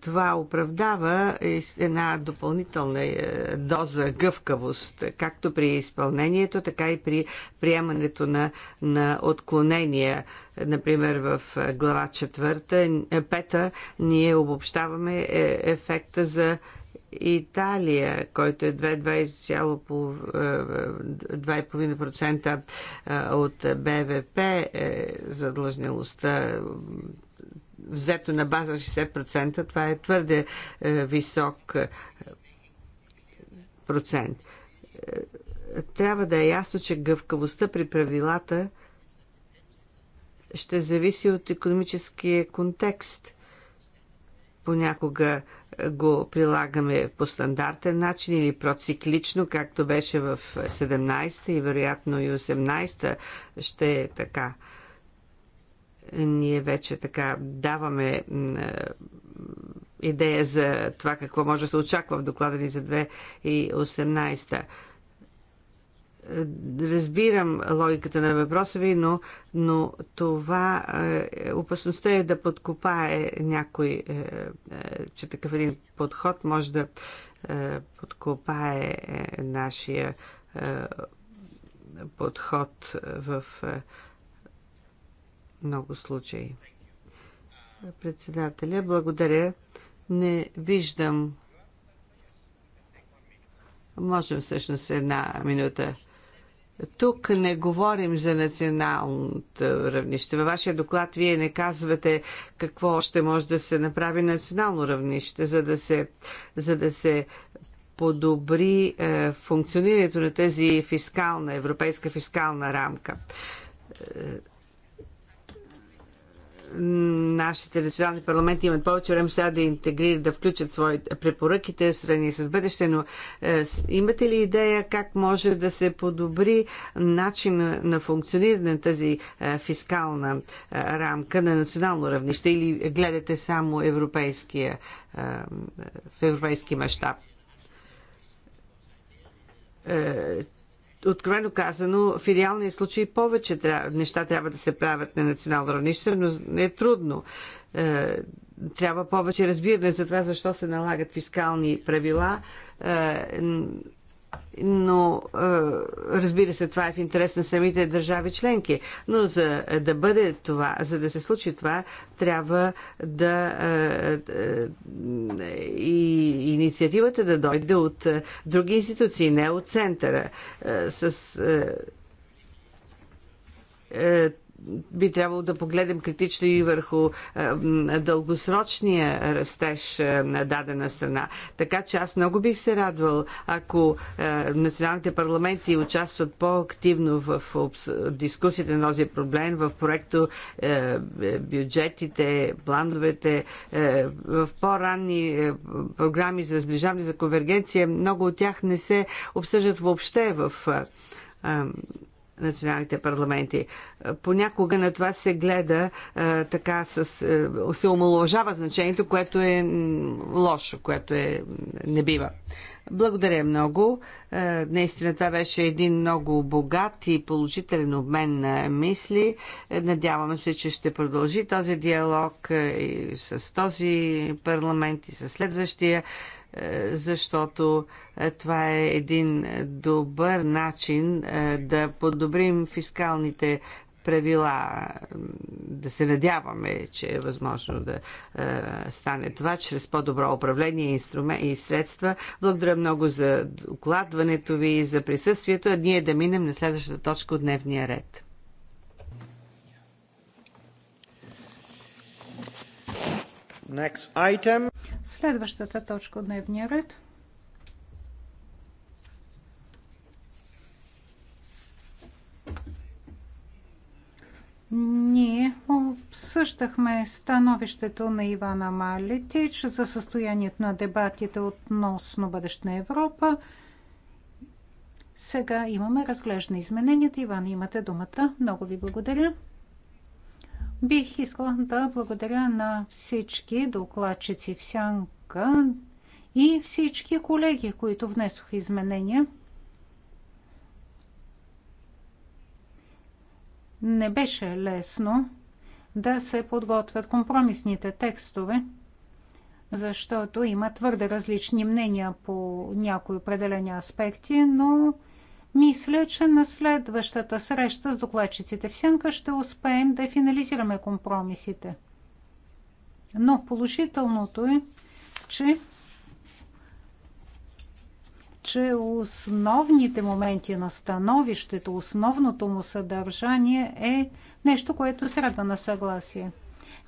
това оправдава е една допълнителна е, доза гъвкавост, както при изпълнението, така и при приемането на, на отклонения. Например, в глава 4, 5 е, ние обобщаваме ефекта за Италия, който е 2,5% от БВП задлъжнялостта, взето на база 60%, това е твърде е, висок е, процент. Е, трябва да е ясно, че гъвкавостта при правилата ще зависи от економическия контекст. Понякога го прилагаме по стандартен начин или проциклично, както беше в 17-та и вероятно и 18-та ще е така. Ние вече така даваме е, идея за това какво може да се очаква в доклада ни за 2018. Разбирам логиката на въпроса ви, но, но това е, опасността е да подкопае някой, е, е че такъв един подход може да е, подкопае е, нашия е, подход в е, много случаи. Председателя, благодаря. Не виждам. Можем всъщност една минута. Тук не говорим за националното равнище. Във вашия доклад вие не казвате какво още може да се направи национално равнище, за да се, за да се подобри е, функционирането на тази фискална, европейска фискална рамка. Е, нашите национални парламенти имат повече време сега да интегрират, да включат своите препоръките, страни с бъдеще, но е, имате ли идея как може да се подобри начин на функциониране на тази е, фискална е, рамка на национално равнище или гледате само европейския, в европейски мащаб? откровено казано, в идеалния случай повече трябва, неща трябва да се правят на национално равнище, но е трудно. Е, трябва повече разбиране за това, защо се налагат фискални правила е, но е, разбира се, това е в интерес на самите държави членки. Но за да бъде това, за да се случи това, трябва да е, е, и инициативата да дойде от други институции, не от центъра. С би трябвало да погледнем критично и върху дългосрочния растеж на дадена страна. Така че аз много бих се радвал, ако националните парламенти участват по-активно в дискусията на този проблем, в проекто е, бюджетите, плановете, е, в по-ранни е, програми за сближаване, за конвергенция. Много от тях не се обсъждат въобще в националните парламенти. Понякога на това се гледа а, така, с, а, се омалуважава значението, което е лошо, което е не бива. Благодаря много. Наистина това беше един много богат и положителен обмен на мисли. Надяваме се, че ще продължи този диалог и с този парламент и с следващия. Е, защото е, това е един добър начин е, да подобрим фискалните правила. Да се надяваме, че е възможно да стане това чрез по-добро управление и средства. Благодаря много за докладването ви и за присъствието. А ние да минем на следващата точка от дневния ред. Next item. Следващата точка от дневния ред. Ние обсъщахме становището на Ивана Малетич за състоянието на дебатите относно бъдещна на Европа. Сега имаме разглеждане измененията. Иван, имате думата. Много ви благодаря. Бих искала да благодаря на всички докладчици в Сянка и всички колеги, които внесох изменения. Не беше лесно да се подготвят компромисните текстове, защото има твърде различни мнения по някои определени аспекти, но мисля, че на следващата среща с докладчиците в Сянка ще успеем да финализираме компромисите. Но положителното е, че, че основните моменти на становището, основното му съдържание е нещо, което средва на съгласие.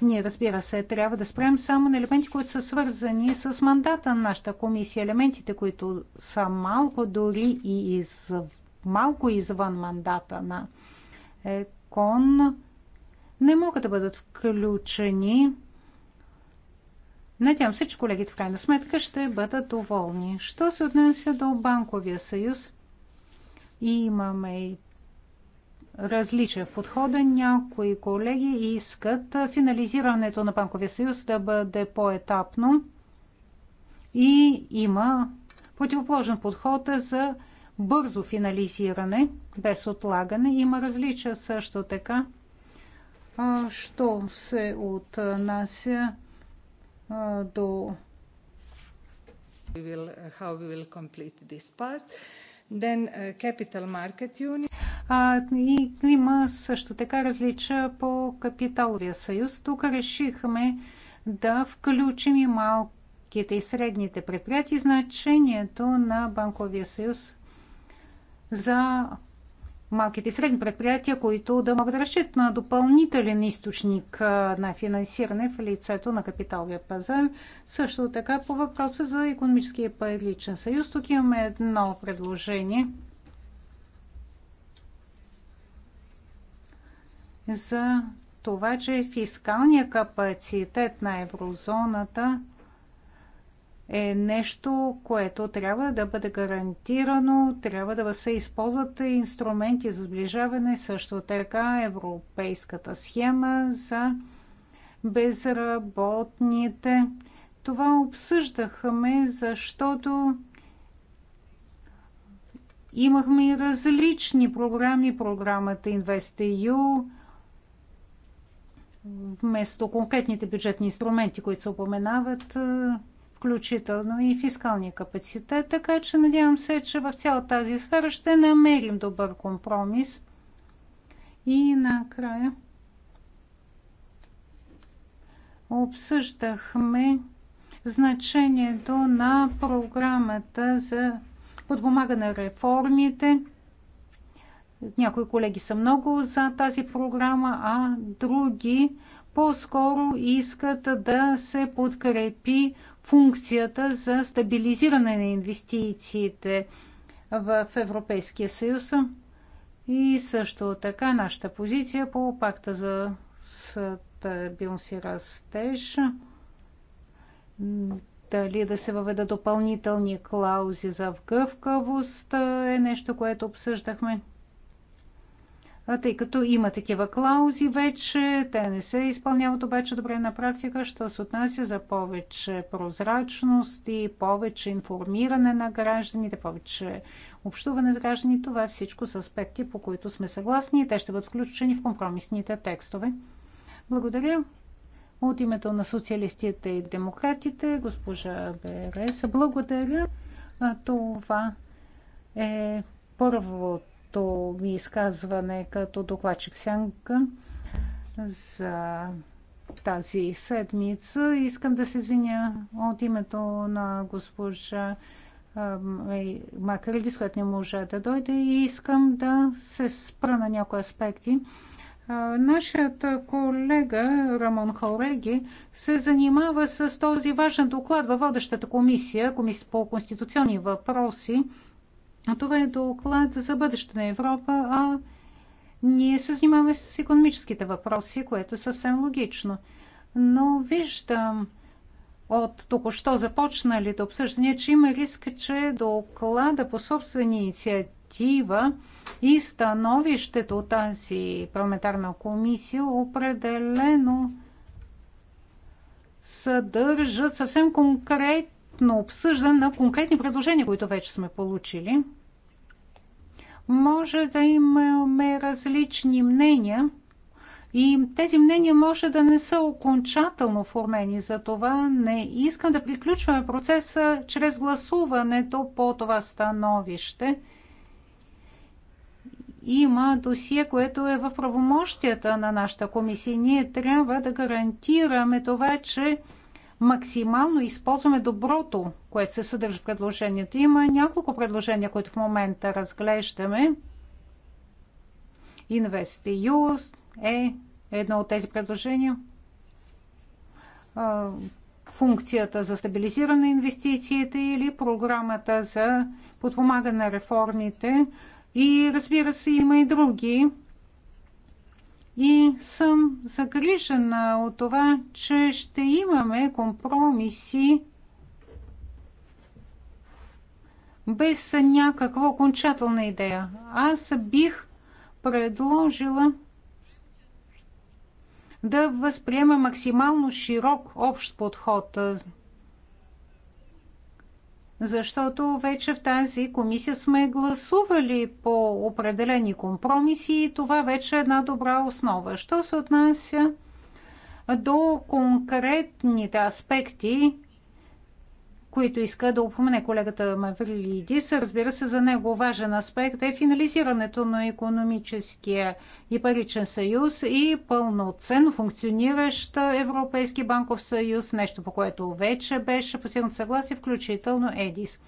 Ние, разбира се, трябва да спрем само на елементи, които са свързани с мандата на нашата комисия. Елементите, които са малко дори и из, малко извън мандата на ЕКОН, не могат да бъдат включени. Надявам се, че колегите в крайна сметка ще бъдат доволни. Що се отнася до банковия съюз? И имаме и различия в подхода. Някои колеги искат финализирането на банковия съюз да бъде по-етапно и има противоположен подход за бързо финализиране, без отлагане. Има различия също така, що се отнася до how we will complete this part. Uh, а, и има също така различия по капиталовия съюз. Тук решихме да включим и малките и средните предприятия. Значението на банковия съюз за малките и средни предприятия, които да могат да разчитат на допълнителен източник на финансиране в лицето на капиталовия пазар. Също така по въпроса за економическия паричен съюз, тук имаме едно предложение за това, че фискалния капацитет на еврозоната – е нещо, което трябва да бъде гарантирано, трябва да се използват инструменти за сближаване, също така европейската схема за безработните. Това обсъждахме, защото имахме и различни програми. Програмата InvestEU, вместо конкретните бюджетни инструменти, които се упоменават, включително и фискалния капацитет, така че надявам се, че в цялата тази сфера ще намерим добър компромис. И накрая обсъждахме значението на програмата за подпомагане реформите. Някои колеги са много за тази програма, а други по-скоро искат да се подкрепи функцията за стабилизиране на инвестициите в Европейския съюз и също така нашата позиция по пакта за стабилност и растеж дали да се въведат допълнителни клаузи за вгъвкавост е нещо, което обсъждахме тъй като има такива клаузи вече, те не се изпълняват обаче добре на практика, що се отнася за повече прозрачност и повече информиране на гражданите, повече общуване с граждани. Това е всичко са аспекти, по които сме съгласни и те ще бъдат включени в компромисните текстове. Благодаря. От името на социалистите и демократите, госпожа Береса, благодаря. Това е първото първото ми изказване като докладчик Сянка за тази седмица. Искам да се извиня от името на госпожа е, Макаридис, която не може да дойде и искам да се спра на някои аспекти. Нашият колега Рамон Хауреги се занимава с този важен доклад във водещата комисия, комисия по конституционни въпроси а това е доклад за бъдеще на Европа, а ние се занимаваме с економическите въпроси, което е съвсем логично. Но виждам от току-що започнали да обсъждане, че има риск, че доклада по собствена инициатива и становището от тази парламентарна комисия определено съдържат съвсем конкретни на обсъждане на конкретни предложения, които вече сме получили. Може да имаме различни мнения и тези мнения може да не са окончателно формени. Затова не искам да приключваме процеса чрез гласуването по това становище има досие, което е в правомощията на нашата комисия. Ние трябва да гарантираме това, че максимално използваме доброто, което се съдържа в предложението. Има няколко предложения, които в момента разглеждаме. InvestEU е едно от тези предложения. Функцията за стабилизиране на инвестициите или програмата за подпомагане на реформите. И разбира се, има и други и съм загрижена от това, че ще имаме компромиси без някаква окончателна идея. Аз бих предложила да възприема максимално широк общ подход защото вече в тази комисия сме гласували по определени компромиси и това вече е една добра основа. Що се отнася до конкретните аспекти които иска да упомене колегата Мавридис. Разбира се, за него важен аспект е финализирането на економическия и паричен съюз и пълноценно функциониращ Европейски банков съюз, нещо по което вече беше постигнато съгласие, включително ЕДИС.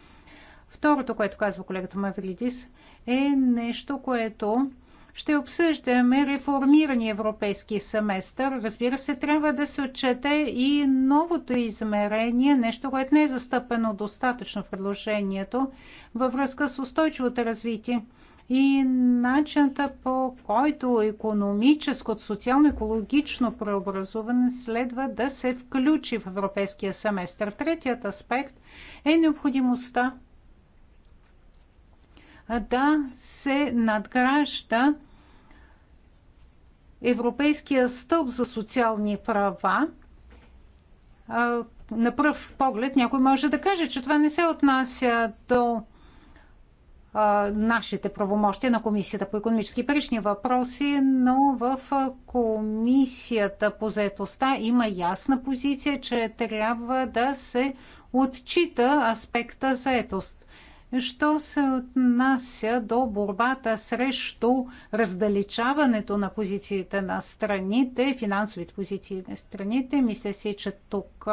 Второто, което казва колегата Мавридис, е нещо, което ще обсъждаме реформирани европейски семестър. Разбира се, трябва да се отчете и новото измерение, нещо, което не е застъпено достатъчно в предложението във връзка с устойчивото развитие и начината по който економическото, социално-екологично преобразуване следва да се включи в европейския семестър. Третият аспект е необходимостта да се надгражда Европейския стълб за социални права, на пръв поглед някой може да каже, че това не се отнася до нашите правомощия на Комисията по економически и парични въпроси, но в Комисията по заедостта има ясна позиция, че трябва да се отчита аспекта заедост. Що се отнася до борбата срещу раздалечаването на позициите на страните, финансовите позиции на страните, мисля си, че тук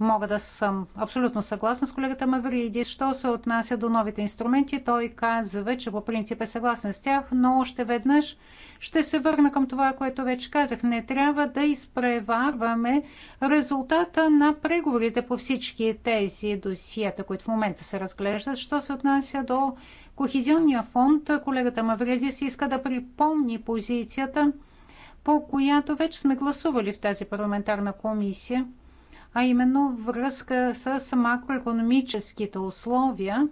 мога да съм абсолютно съгласна с колегата Мавриди. Що се отнася до новите инструменти, той казва, че по принцип е съгласен с тях, но още веднъж ще се върна към това, което вече казах. Не трябва да изпреварваме резултата на преговорите по всички тези досиета, които в момента се разглеждат. Що се отнася до Кохизионния фонд, колегата Мавридис иска да припомни позицията, по която вече сме гласували в тази парламентарна комисия – а именно връзка с макроекономическите условия,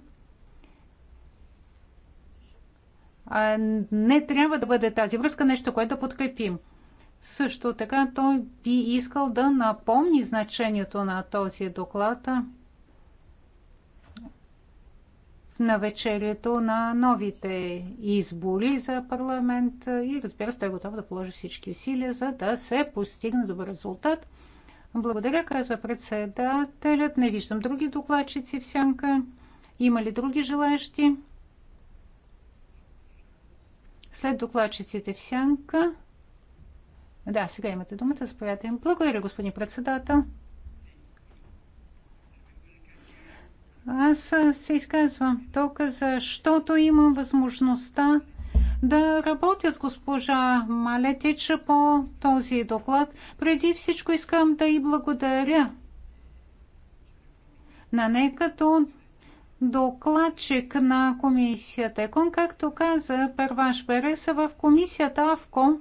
не трябва да бъде тази връзка нещо, което подкрепим. Също така той би искал да напомни значението на този доклад на вечерието на новите избори за парламент и разбира се, той е готов да положи всички усилия, за да се постигне добър резултат – благодаря, казва председателят. Не виждам други докладчици в сянка. Има ли други желаящи? След докладчиците в сянка. Да, сега имате думата, заповядайте. Благодаря, господин председател. Аз се изказвам тока, защото имам възможността да работя с госпожа Малетич по този доклад. Преди всичко искам да й благодаря на нея като докладчик на комисията ЕКОН, както каза Перваш Береса в комисията АВКО.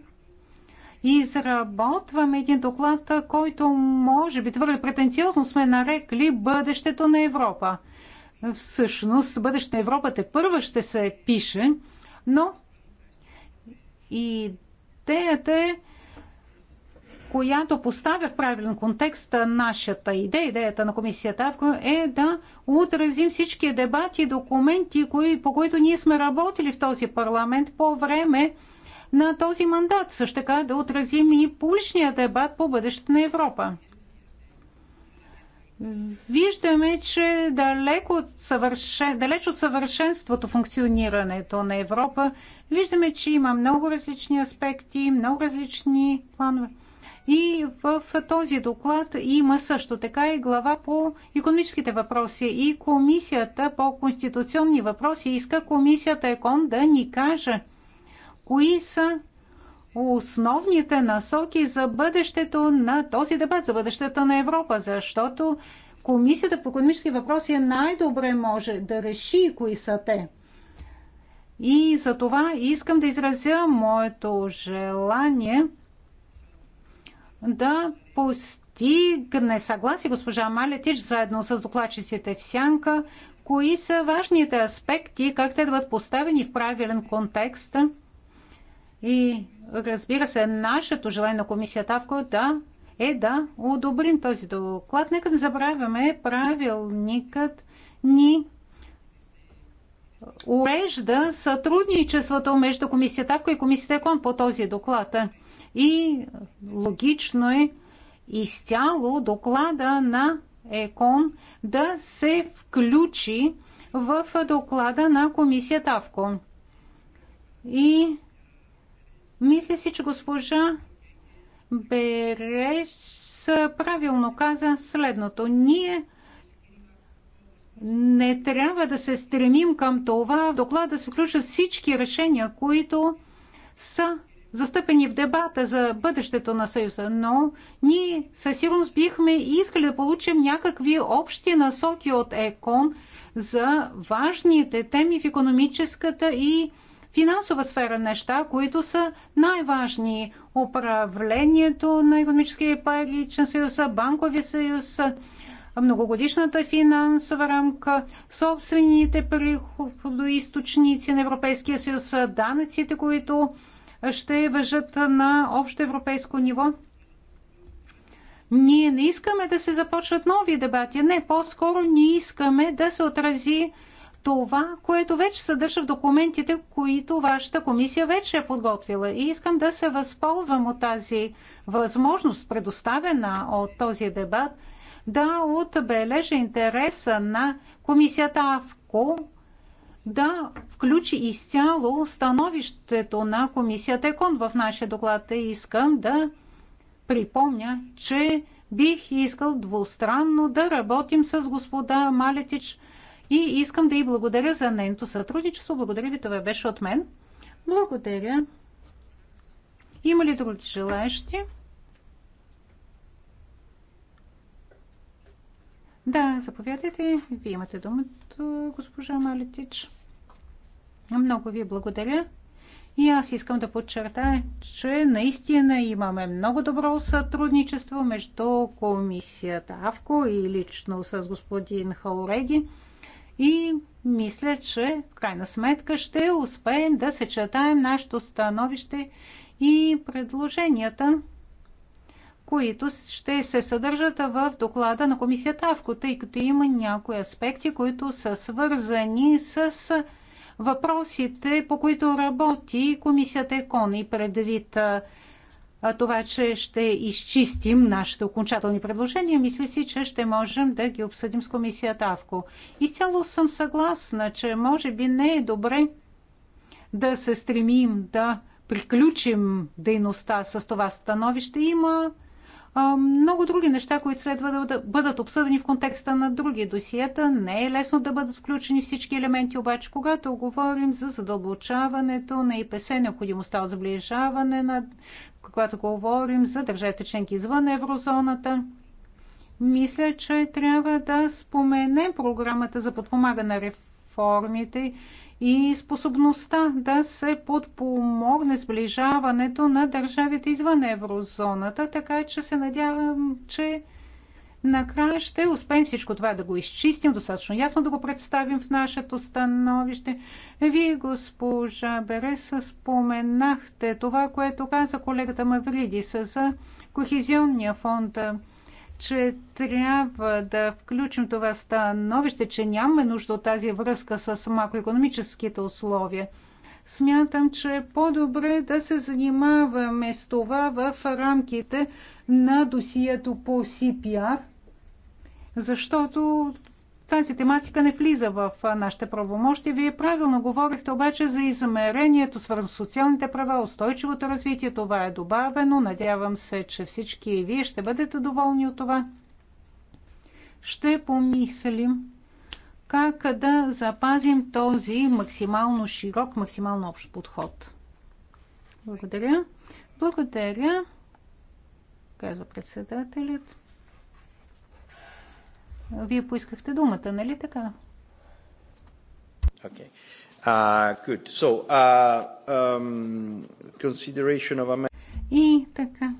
Изработваме един доклад, който може би твърде претенциозно сме нарекли бъдещето на Европа. Всъщност, бъдещето на Европа те първа ще се пише, но идеята е, която поставя в правилен контекст нашата идея, идеята на комисията АВКО, е да отразим всички дебати и документи, кои, по които ние сме работили в този парламент по време на този мандат. Също така да отразим и публичния дебат по бъдещето на Европа виждаме, че далеч от съвършен... далеч от съвършенството функционирането на Европа, виждаме, че има много различни аспекти, много различни планове. И в този доклад има също така и глава по економическите въпроси. И комисията по конституционни въпроси иска комисията ЕКОН да ни каже кои са основните насоки за бъдещето на този дебат, за бъдещето на Европа, защото Комисията по економически въпроси е най-добре може да реши кои са те. И за това искам да изразя моето желание да постигне съгласие госпожа Малетич заедно с докладчиците в Сянка, кои са важните аспекти, как те да бъдат поставени в правилен контекст. И разбира се, нашето желание на комисията АВКО е да е да одобрим този доклад. Нека не забравяме, правилникът ни урежда сътрудничеството между комисията АВКО и комисията ЕКОН по този доклад. И логично е изцяло доклада на ЕКОН да се включи в доклада на комисията АВКО. И мисля си, че госпожа Берес правилно каза следното. Ние не трябва да се стремим към това в доклада да се включат всички решения, които са застъпени в дебата за бъдещето на Съюза, но ние със сигурност бихме искали да получим някакви общи насоки от ЕКОН за важните теми в економическата и финансова сфера неща, които са най-важни. Управлението на економическия паричен съюз, банкови съюз, многогодишната финансова рамка, собствените приходоисточници на Европейския съюз, данъците, които ще въжат на общо европейско ниво. Ние не искаме да се започват нови дебати. Не, по-скоро ние искаме да се отрази това, което вече съдържа в документите, които вашата комисия вече е подготвила. И искам да се възползвам от тази възможност, предоставена от този дебат, да отбележа интереса на комисията АВКО да включи изцяло становището на комисията ЕКОН в нашия доклад. И искам да припомня, че бих искал двустранно да работим с господа Малетич – и искам да й благодаря за нейното сътрудничество. Благодаря ви, това беше от мен. Благодаря. Има ли други желаящи? Да, заповядайте. Вие имате думата, госпожа Малетич. Много ви благодаря. И аз искам да подчертая, че наистина имаме много добро сътрудничество между комисията АВКО и лично с господин Хауреги. И мисля, че в крайна сметка ще успеем да съчетаем нашето становище и предложенията, които ще се съдържат в доклада на комисията АВКО, тъй като има някои аспекти, които са свързани с въпросите, по които работи комисията ЕКОН и предвид това, че ще изчистим нашите окончателни предложения. Мисля си, че ще можем да ги обсъдим с комисията АВКО. Изцяло съм съгласна, че може би не е добре да се стремим да приключим дейността с това становище. Има много други неща, които следва да бъдат обсъдени в контекста на други досиета. Не е лесно да бъдат включени всички елементи, обаче когато говорим за задълбочаването на ИПС, необходимостта от заближаване на когато говорим за държавите членки извън еврозоната, мисля, че трябва да споменем програмата за подпомагане на реформите и способността да се подпомогне сближаването на държавите извън еврозоната, така че се надявам, че накрая ще успеем всичко това да го изчистим, достатъчно ясно да го представим в нашето становище. Вие, госпожа Береса, споменахте това, което каза колегата Мавридис за Кохезионния фонд че трябва да включим това становище, че нямаме нужда от тази връзка с макроекономическите условия. Смятам, че е по-добре да се занимаваме с това в рамките на досието по CPR – защото тази тематика не влиза в нашите правомощи. Вие правилно говорихте обаче за измерението, свързано с социалните права, устойчивото развитие. Това е добавено. Надявам се, че всички вие ще бъдете доволни от това. Ще помислим как да запазим този максимално широк, максимално общ подход. Благодаря. Благодаря, казва председателят. Вие поискахте думата, нали така? Okay. Uh, good. So, uh, um, consideration of a... И така.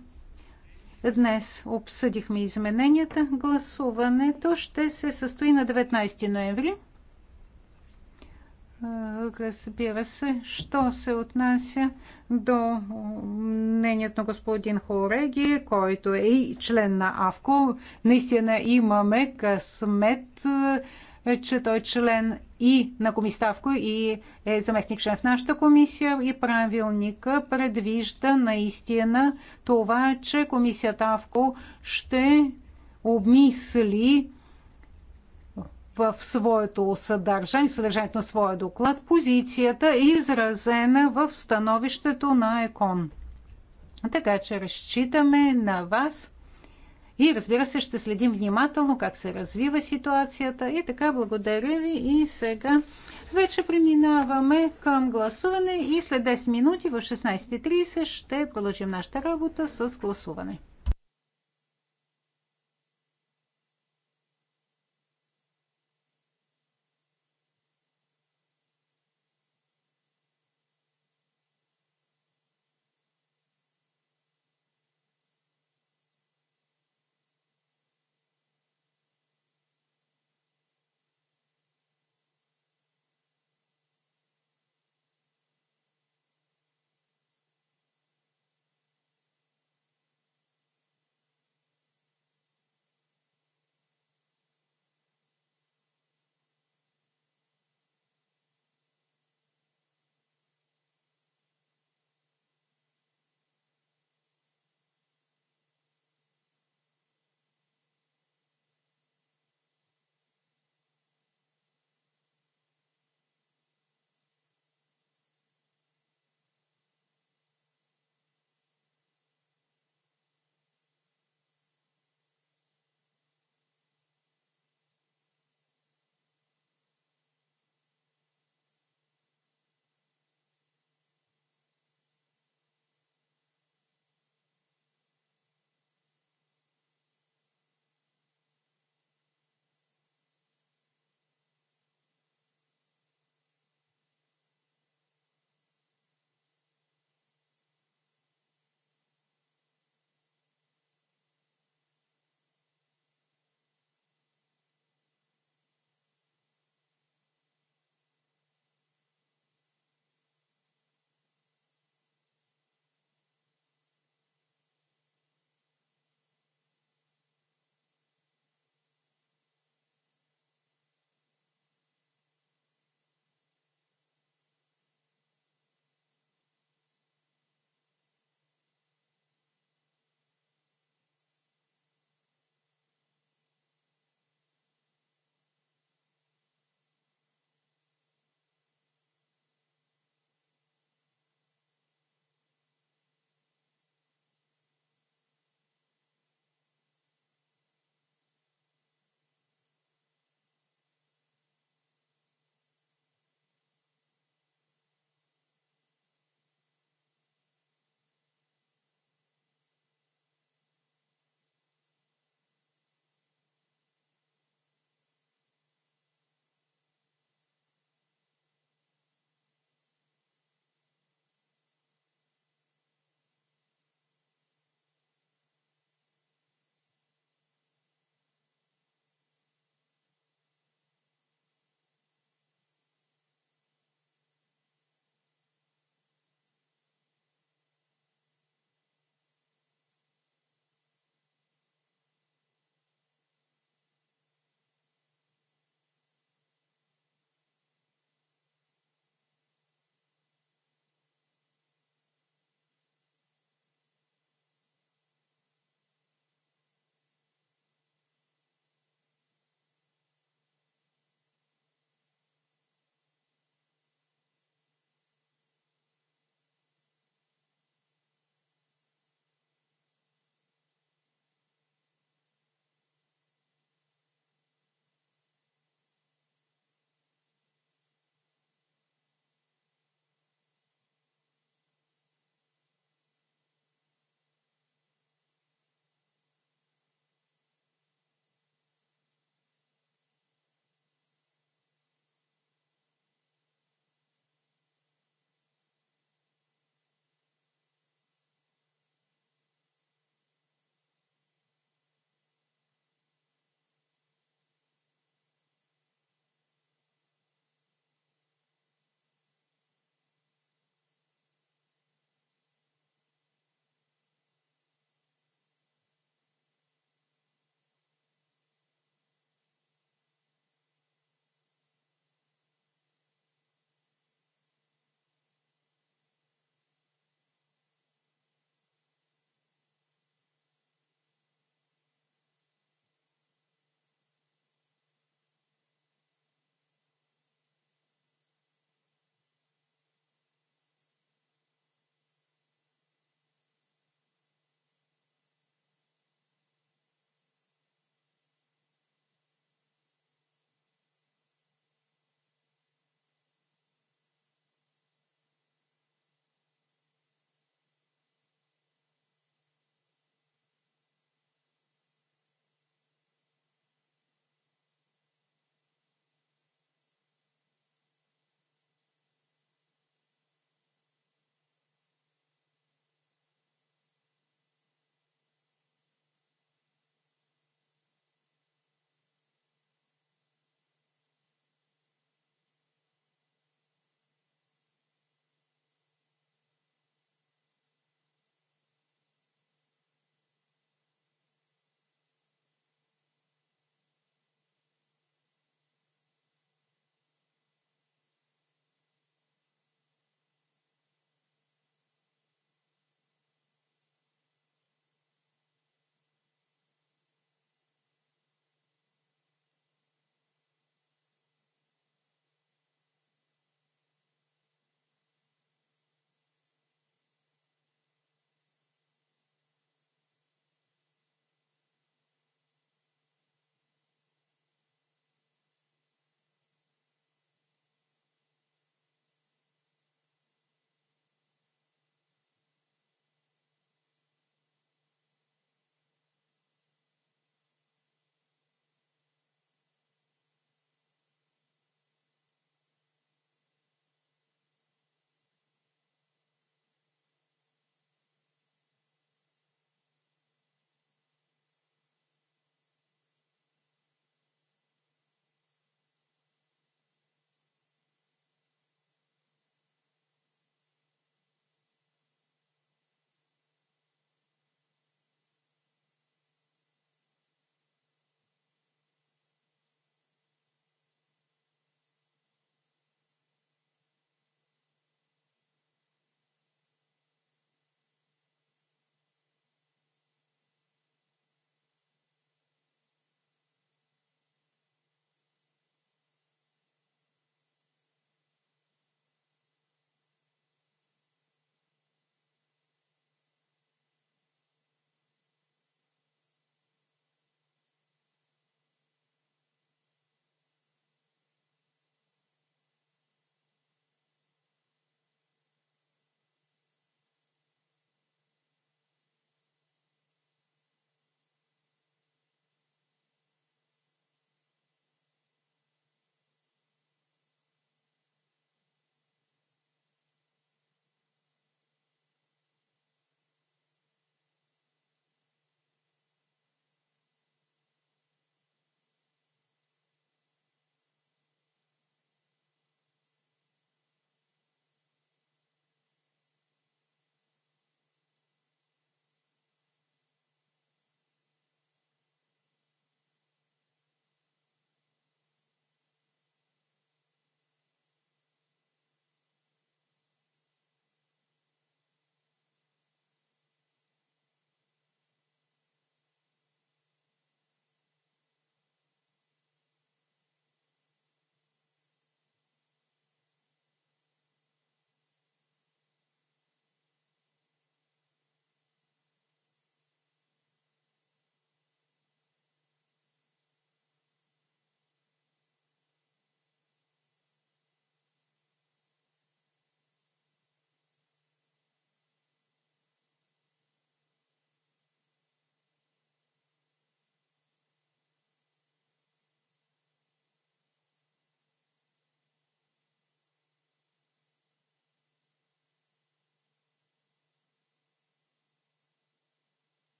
Днес обсъдихме измененията. Гласуването ще се състои на 19 ноември разбира се, що се отнася до мнението на господин Хореги, който е и член на АВКО. Наистина имаме късмет, е, че той е член и на комиставко, и е заместник член в нашата комисия и правилника предвижда наистина това, че комисията АВКО ще обмисли в своето съдържание, съдържанието на своя доклад, позицията е изразена в становището на ЕКОН. Така че разчитаме на вас и разбира се ще следим внимателно как се развива ситуацията и така благодаря ви и сега вече преминаваме към гласуване и след 10 минути в 16.30 ще продължим нашата работа с гласуване.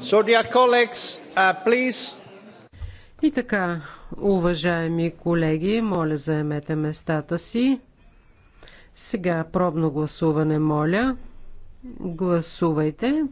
Uh, И така, уважаеми колеги, моля заемете местата си. Сега пробно гласуване, моля. Гласувайте.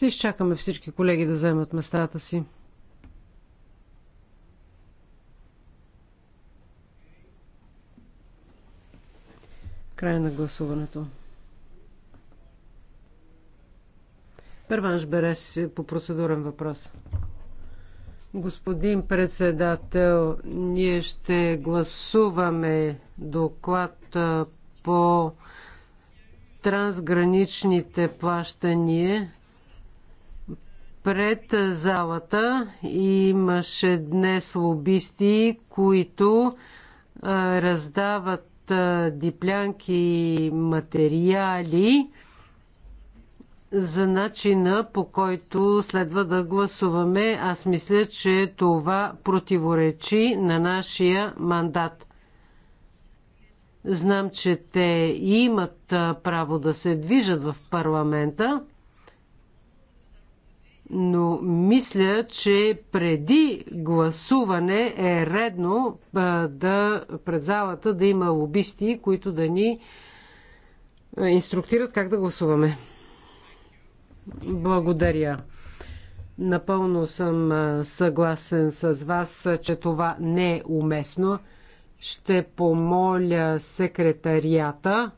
Ще изчакаме всички колеги да вземат местата си. Край на гласуването. Първанш Береш по процедурен въпрос. Господин председател, ние ще гласуваме доклад по трансграничните плащания пред залата имаше днес лобисти, които раздават диплянки материали за начина по който следва да гласуваме. Аз мисля, че това противоречи на нашия мандат. Знам, че те имат право да се движат в парламента, но мисля, че преди гласуване е редно да пред залата да има лобисти, които да ни инструктират как да гласуваме. Благодаря. Напълно съм съгласен с вас, че това не е уместно. Ще помоля секретарията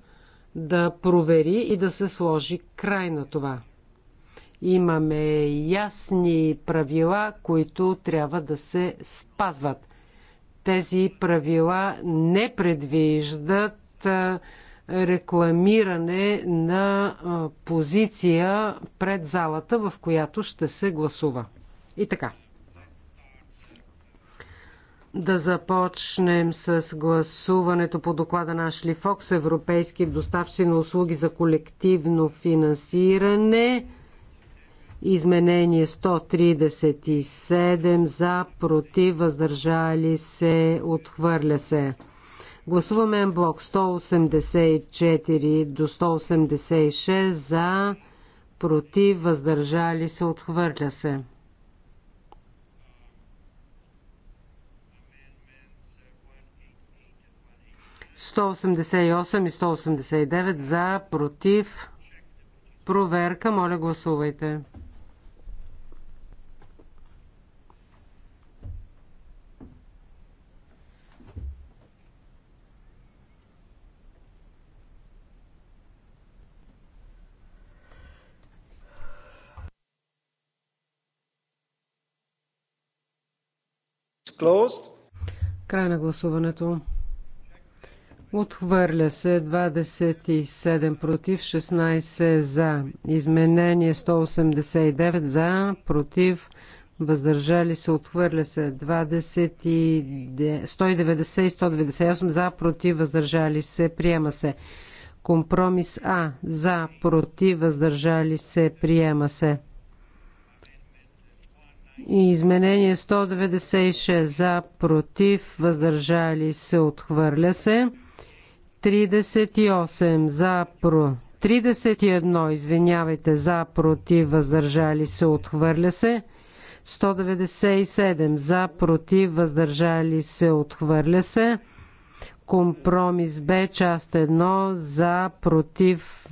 да провери и да се сложи край на това. Имаме ясни правила, които трябва да се спазват. Тези правила не предвиждат рекламиране на позиция пред залата, в която ще се гласува. И така. Да започнем с гласуването по доклада на Ашли Фокс, европейски доставчици на услуги за колективно финансиране. Изменение 137 за, против, въздържали се, отхвърля се. Гласуваме блок 184 до 186 за, против, въздържали се, отхвърля се. Сто и 189 за, против. Проверка, моля гласувайте. Край на гласуването. Отхвърля се 27 против 16 за. Изменение 189 за, против, въздържали се, отхвърля се 20 и 190 и 198 за, против, въздържали се, приема се. Компромис А за, против, въздържали се, приема се. И изменение 196 за, против, въздържали се, отхвърля се. 38 за, про... 31, извинявайте, за, против, въздържали се, отхвърля се. 197 за, против, въздържали се, отхвърля се. Компромис Б, част 1, за, против,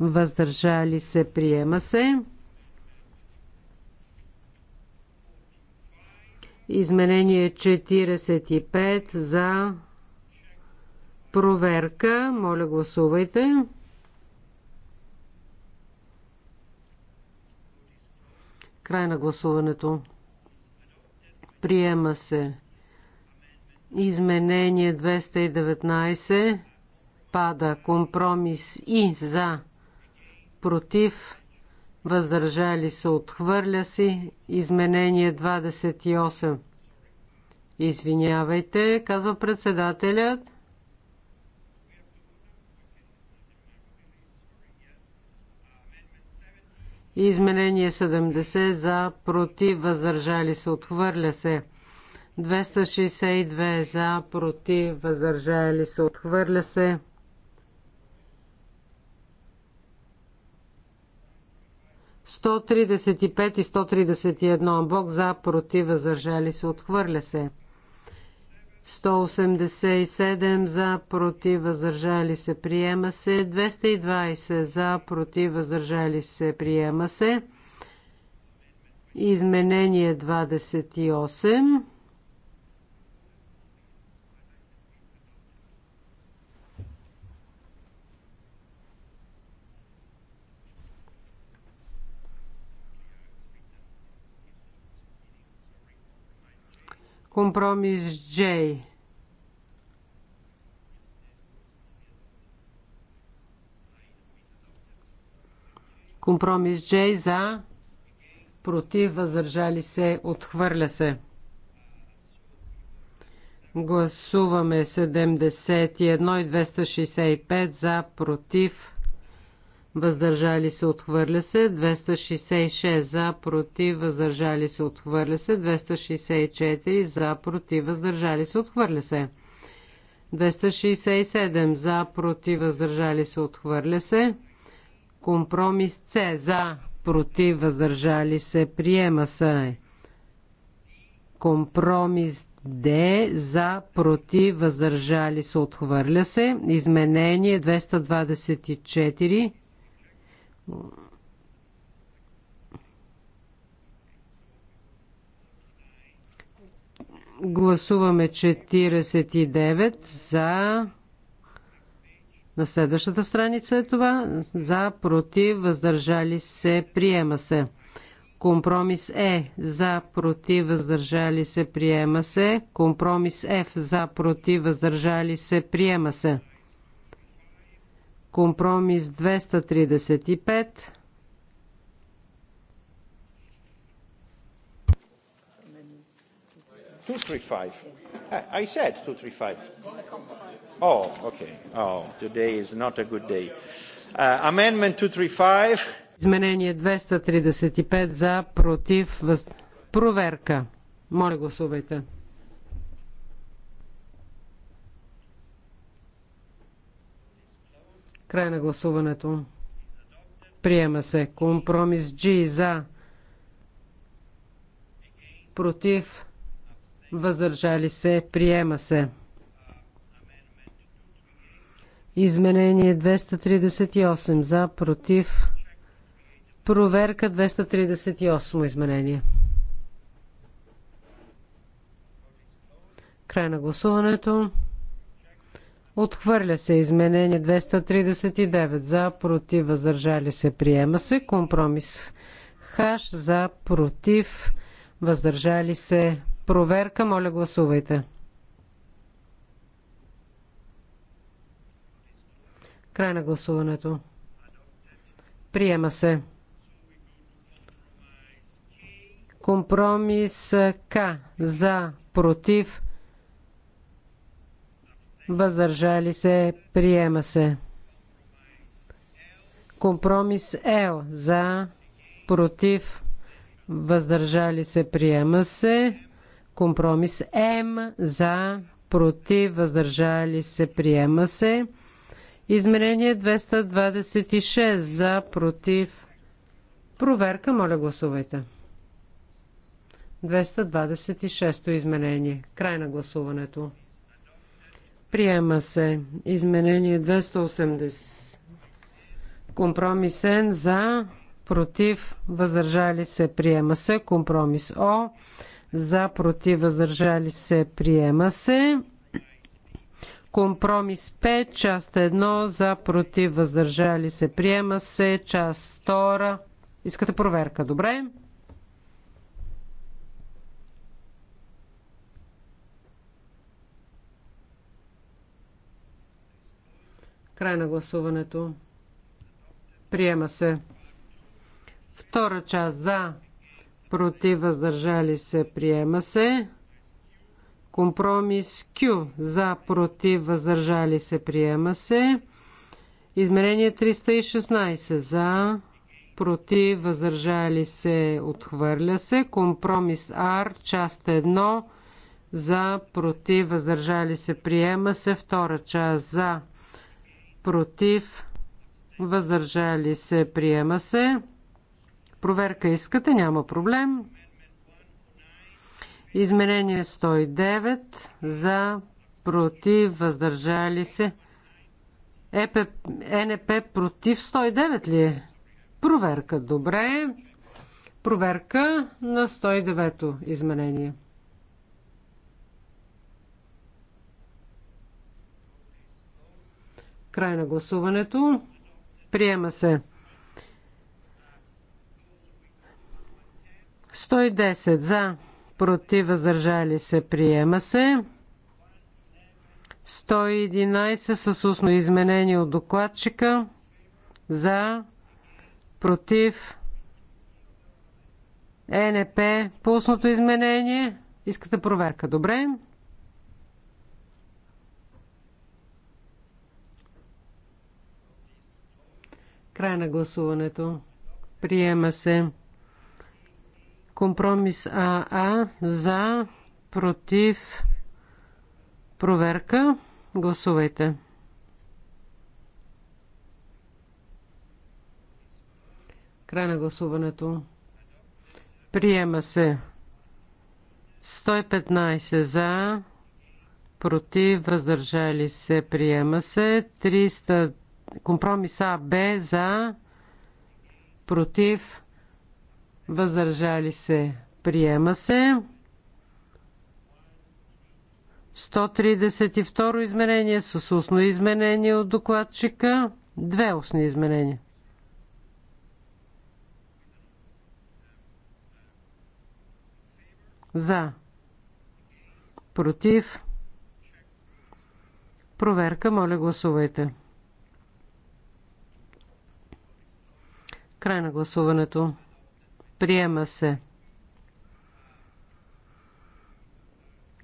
въздържали се, приема се. Изменение 45 за проверка. Моля, гласувайте. Край на гласуването. Приема се. Изменение 219 пада компромис и за против въздържали се, отхвърля си, изменение 28. Извинявайте, казва председателят. Изменение 70 за, против, въздържали се, отхвърля се. 262 за, против, въздържали се, отхвърля се. 135 и 131 амбок за, против, въздържали се, отхвърля се. 187 за, против, въздържали се, приема се. 220 за, против, въздържали се, приема се. Изменение 28. Компромис J. Компромис J за против, въздържали се, отхвърля се. Гласуваме 71 и 265 за против въздържали се, отхвърля се, 266 за, против, въздържали се, отхвърля се, 264 за, против, въздържали се, отхвърля се. 267 за, против, въздържали се, отхвърля се. Компромис С за, против, въздържали се, приема се. Компромис Д за, против, въздържали се, отхвърля се. Изменение 224 Гласуваме 49 за. На следващата страница е това. За, против, въздържали се, приема се. Компромис Е за против въздържали се приема се. Компромис Ф за против въздържали се приема се. Компромис 235. Two I said 235. Oh, okay. Oh, today is not a good day. Uh, amendment 235. Изменение 235 за, против, проверка. Моля гласувайте. Край на гласуването. Приема се. Компромис G за. Против. Въздържали се. Приема се. Изменение 238 за. Против. Проверка 238 изменение. Край на гласуването. Отхвърля се изменение 239 за, против, въздържали се, приема се. Компромис хаш за, против, въздържали се. Проверка, моля гласувайте. Край на гласуването. Приема се. Компромис К за, против, въздържали се, приема се. Компромис Л за, против, въздържали се, приема се. Компромис М за, против, въздържали се, приема се. Измерение 226 за, против. Проверка, моля гласувайте. 226-то измерение. Край на гласуването. Приема се. Изменение 280. Компромисен за, против, въздържали се, приема се. Компромис О. За, против, въздържали се, приема се. Компромис 5, част 1, за, против, въздържали се, приема се. Част 2. Искате проверка, добре? Край на гласуването. Приема се. Втора част за, против, въздържали се, приема се. Компромис Q за, против, въздържали се, приема се. Измерение 316 за, против, въздържали се, отхвърля се. Компромис R, част 1 за, против, въздържали се, приема се. Втора част за, против, въздържали се, приема се. Проверка искате, няма проблем. Изменение 109 за против, въздържали се. ЕП, НП против 109 ли е? Проверка, добре. Проверка на 109-то изменение. Край на гласуването. Приема се. 110 за, против, въздържали се, приема се. 111 с устно изменение от докладчика. За, против, ЕНП, пусното изменение. Искате проверка, добре? Край на гласуването. Приема се. Компромис АА за, против, проверка. Гласувайте. Край на гласуването. Приема се. 115 за, против, въздържали се, приема се. 300 Компромиса А, Б за, против, въздържали се, приема се. 132 изменение с устно изменение от докладчика. Две устни изменения. За. Против. Проверка, моля гласувайте. Край на гласуването. Приема се.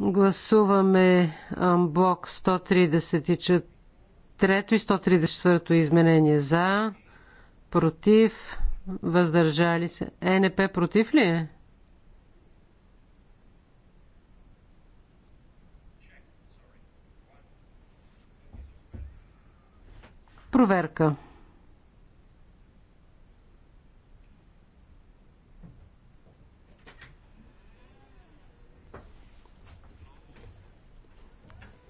Гласуваме блок 133 и 134 изменение за, против, въздържали се. ЕНП против ли е? Проверка.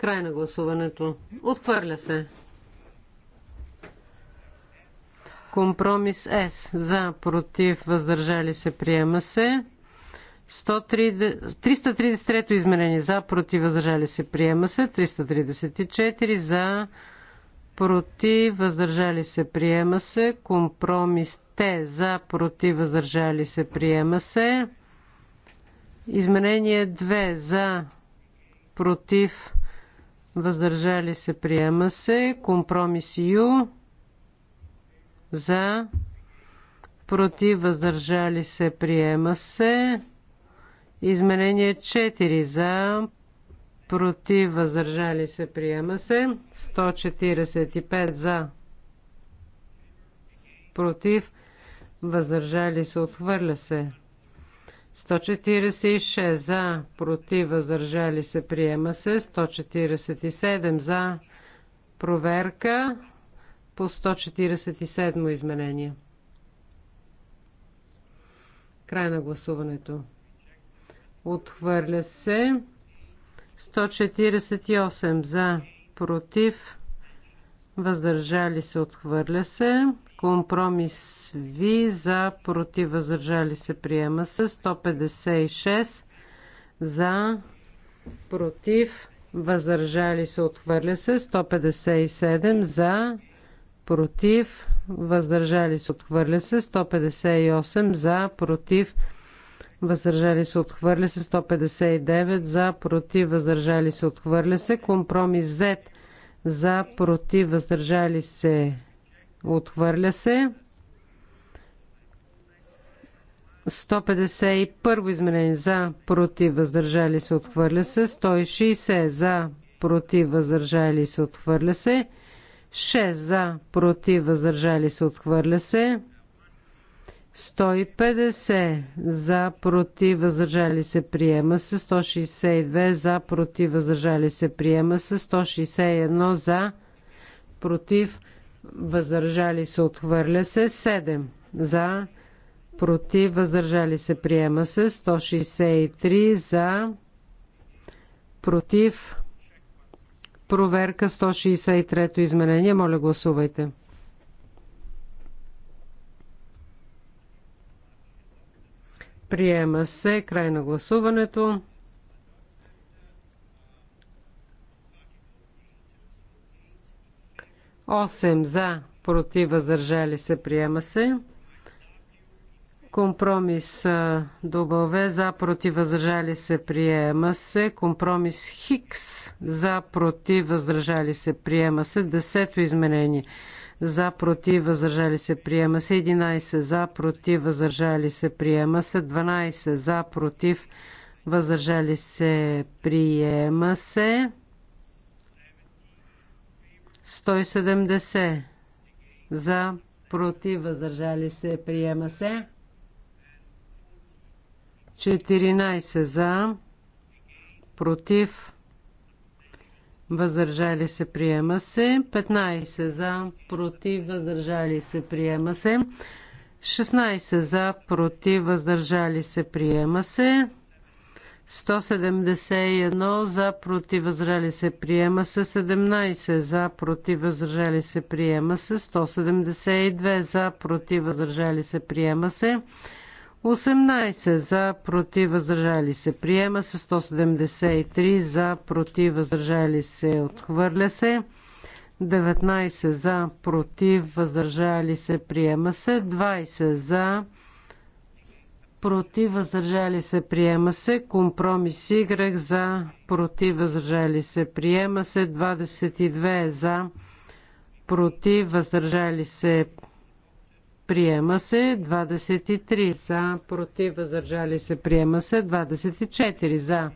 Край на гласуването. Отхвърля се. Компромис С. За, против, въздържали се, приема се. 333 изменение за, против, въздържали се, приема се. 334 за, против, въздържали се, приема се. Компромис Т. За, против, въздържали се, приема се. Изменение 2 за, против, въздържали се, приема се. Компромис Ю за, против, въздържали се, приема се. Изменение 4 за, против, въздържали се, приема се. 145 за, против, въздържали се, отхвърля се. 146 за, против, въздържали се, приема се. 147 за, проверка по 147 изменение. Край на гласуването. Отхвърля се. 148 за, против, въздържали се, отхвърля се. Компромис Ви за против въздържали се приема се. 156 за против въздържали се отхвърля се. 157 за против въздържали се отхвърля се. 158 за против въздържали се отхвърля се. 159 за против въздържали се отхвърля се. Компромис Z за против въздържали се Отхвърля се. 151 изменение за, против, въздържали се, отхвърля се. 160 за, против, въздържали се, отхвърля се. 6 за, против, въздържали се, отхвърля се. 150 за, против, въздържали се, приема се. 162 за, против, въздържали се, приема се. 161 за, против, въздържали се, отхвърля се. 7 за, против, въздържали се, приема се. 163 за, против. Проверка 163 изменение. Моля, гласувайте. Приема се. Край на гласуването. 8 за, против, въздържали се, приема се. Компромис W за, против, въздържали се, приема се. Компромис Хикс за, против, въздържали се, приема се. Десето изменение за, против, въздържали се, приема се. 11 за, против, въздържали се, приема се. 12 за, против, въздържали се, приема се. 170 за, против, въздържали се, приема се. 14 за, против, въздържали се, приема се. 15 за, против, въздържали се, приема се. 16 за, против, въздържали се, приема се. 171 за против възрели се приема се 17 за против възрели се приема се 172 за против възрели се приема се 18 за против въздържали се приема се 173 за против въздържали се отхвърля се 19 за против въздържали се приема се 20 за против въздържали се приема се. Компромис Y за против въздържали се приема се. 22 за против въздържали се приема се. 23 за против въздържали се приема се. 24 за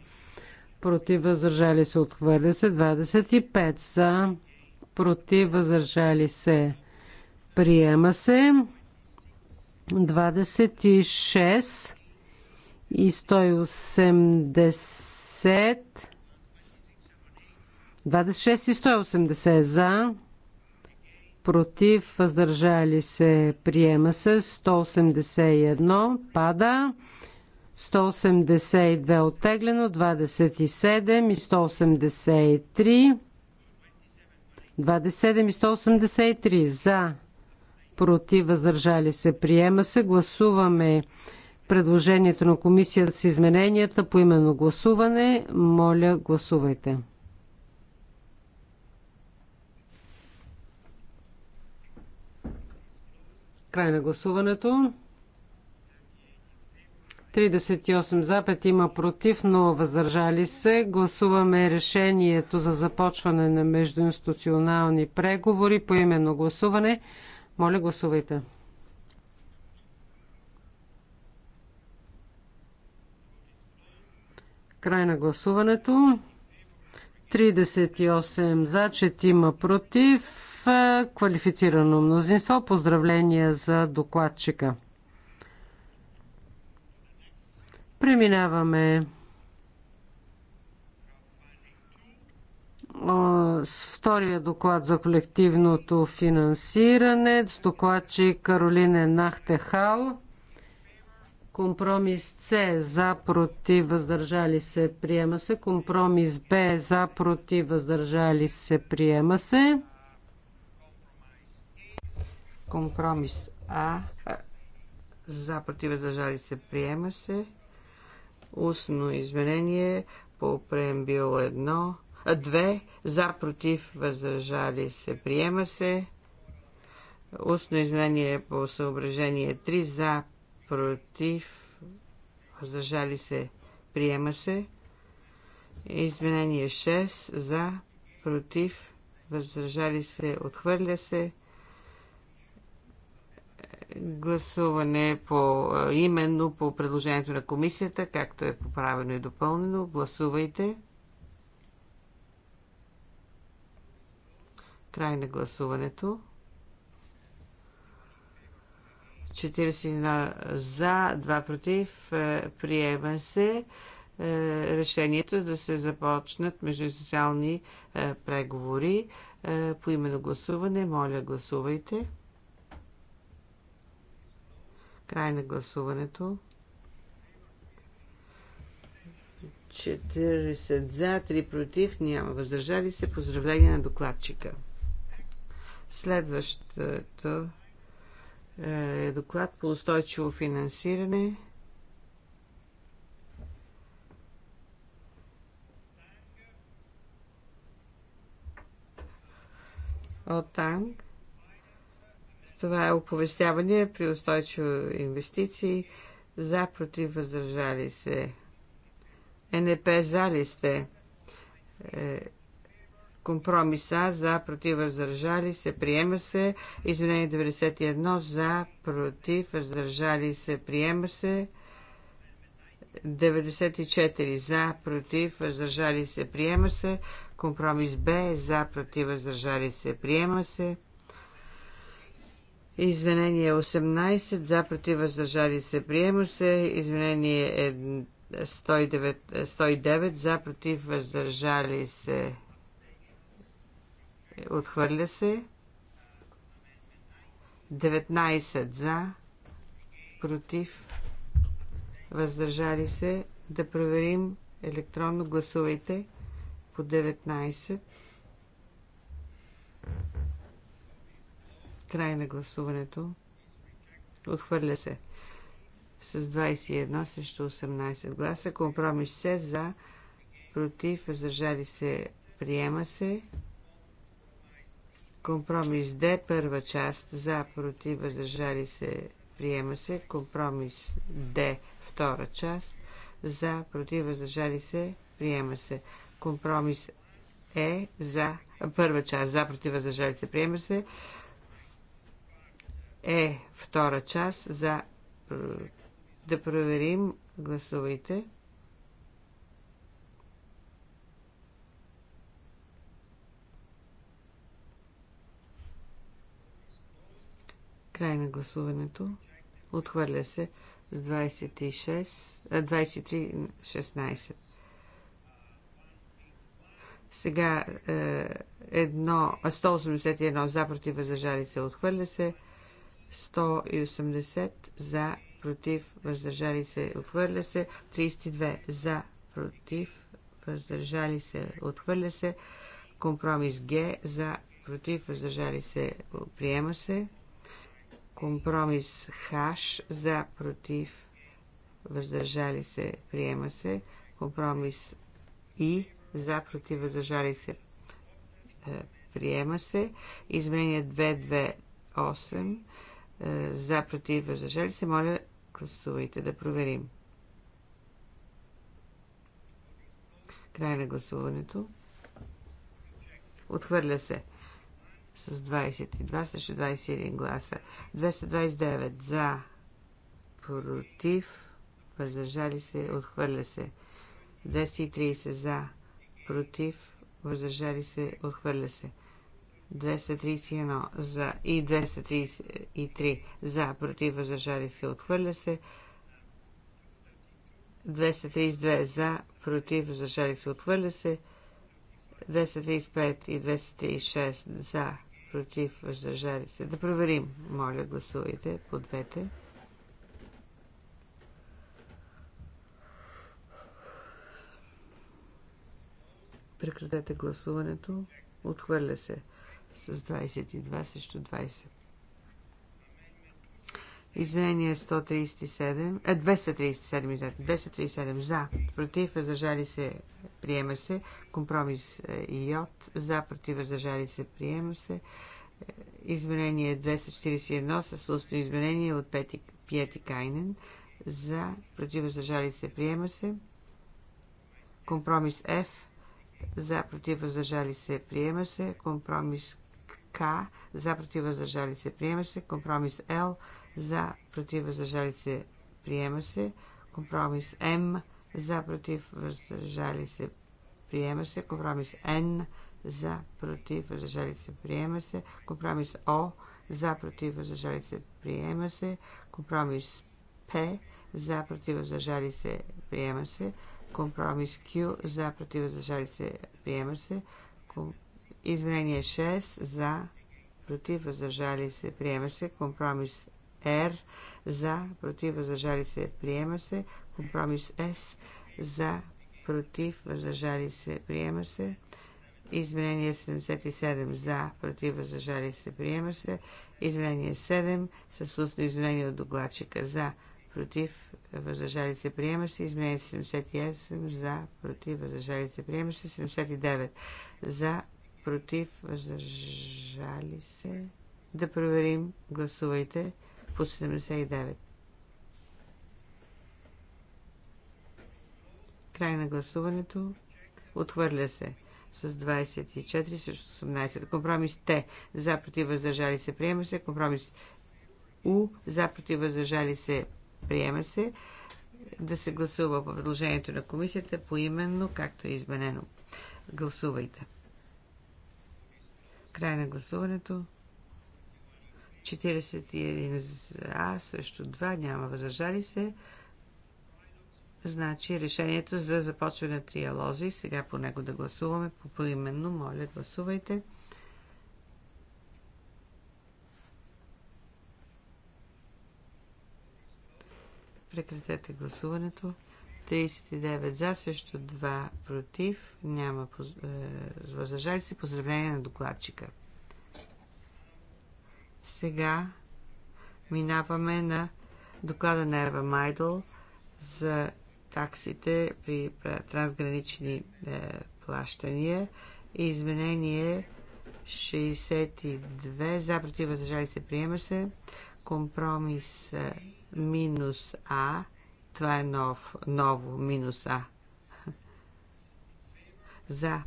против въздържали се отхвърля се. 25 за против въздържали се приема се. 26 и 180. 26 и 180 за. Против, въздържали се, приема се. 181 пада. 182 оттеглено, 27 и 183. 27 и 183 за против, въздържали се, приема се. Гласуваме предложението на комисията с измененията по именно гласуване. Моля, гласувайте. Край на гласуването. 38 за, 5 има против, 0 въздържали се. Гласуваме решението за започване на междуинституционални преговори по именно гласуване. Моля, гласувайте. Край на гласуването. 38 за, 4 против. Квалифицирано мнозинство. Поздравления за докладчика. Преминаваме втория доклад за колективното финансиране с докладчи Каролина Нахтехал. Компромис С за против въздържали се приема се. Компромис Б за против въздържали се приема се. Компромис А за против въздържали се приема се. Устно изменение по преембил 1 2 за, против, въздържали се, приема се. Устно изменение по съображение 3 за, против, въздържали се, приема се. Изменение 6 за, против, въздържали се, отхвърля се. Гласуване по, именно по предложението на комисията, както е поправено и допълнено. Гласувайте. Край на гласуването. 41 за, 2 против. Е, приема се е, решението да се започнат междусоциални е, преговори по именно гласуване. Моля, гласувайте. Край на гласуването. 40 за, 3 против, няма въздържали се. Поздравления на докладчика. Следващото е доклад по устойчиво финансиране. Отанг. Това е оповестяване при устойчиво инвестиции. За, против, въздържали се. Е, НП за ли сте? Е, Компромиса за против въздържали се приема се. Изменение 91 за против въздържали се приема се. 94 за против въздържали се приема се. Компромис Б за против въздържали се приема се. Изменение 18 за против въздържали се приема се. Изменение 109, 109 за против въздържали се Отхвърля се. 19 за. Против. Въздържали се. Да проверим електронно. Гласувайте по 19. Край на гласуването. Отхвърля се с 21 срещу 18 гласа. Компромис се за, против, въздържали се, приема се. Компромис Д, първа част, за, против, въздържали се, приема се. Компромис Д, втора част, за, против, въздържали се, приема се. Компромис Е, за, първа част, за, против, въздържали се, приема се. Е, втора част, за, да проверим, гласувайте. Край на гласуването. Отхвърля се с 26, 23, 16. Сега е, едно, 181 за против въздържали се отхвърля се, 180 за против въздържали се отхвърля се, 32 за против въздържали се отхвърля се, компромис Г за против въздържали се приема се. Компромис Хаш за против въздържали се приема се. Компромис И за против въздържали се е, приема се. Изменя 228 е, за против въздържали се. Моля, гласувайте да проверим. Край на гласуването. Отхвърля се с 22 срещу 21 гласа. 229 за, против, въздържали се, отхвърля се. 230 за, против, въздържали се, отхвърля се. 231 за и 233 за, против, въздържали се, отхвърля се. 232 за, против, въздържали се, отхвърля се. 235 и 236 за, против, въздържали се. Да проверим. Моля, гласувайте по двете. Прекратете гласуването. Отхвърля се с 22 срещу 20. Извинение 137, 237, 237 за, против, въздържали се, приема се. Компромис Йод, е, за, против, въздържали се, приема се. Е, извинение 241 с устно изменение от Пети, Пиети Кайнен, за, против, въздържали се, приема се. Компромис F, за, против, въздържали се, приема се. Компромис К, за, против, въздържали се, приема се. Компромис Л, за, против, въздържали се, приема се. Компромис М, за, против, въздържали се, приема се. Компромис Н, за, против, въздържали се, приема се. Компромис О, за, против, въздържали се, приема се. Компромис П, за, против, въздържали се, приема се. Компромис Q, за, против, въздържали се, приема се. Изменение 6, за, против, въздържали се, приема се. Компромис R за, против, въздържали се, приема се. Компромис С за, против, въздържали се, приема се. Изменение 77 за, против, въздържали се, приема се. Изменение 7 с устно изменение от докладчика за, против, въздържали се, приема се. Изменение 78 за, против, въздържали се, приема се. 79 за, против, въздържали се. Да проверим. Гласувайте по 79. Край на гласуването. Отхвърля се с 24 срещу 18. Компромис Т. За против въздържали се. Приема се. Компромис У. За против въздържали се. Приема се. Да се гласува по предложението на комисията поименно, както е изменено. Гласувайте. Край на гласуването. 41 за, срещу 2, няма възражали се. Значи решението за започване на триалози, сега по него да гласуваме по поименно, моля гласувайте. Прекратете гласуването. 39 за, също 2 против, няма е, възражали се. Поздравление на докладчика. Сега минаваме на доклада на Ерва Майдъл за таксите при трансгранични е, плащания и изменение 62 за против възражали се приема се компромис е, минус А това е нов, ново минус А за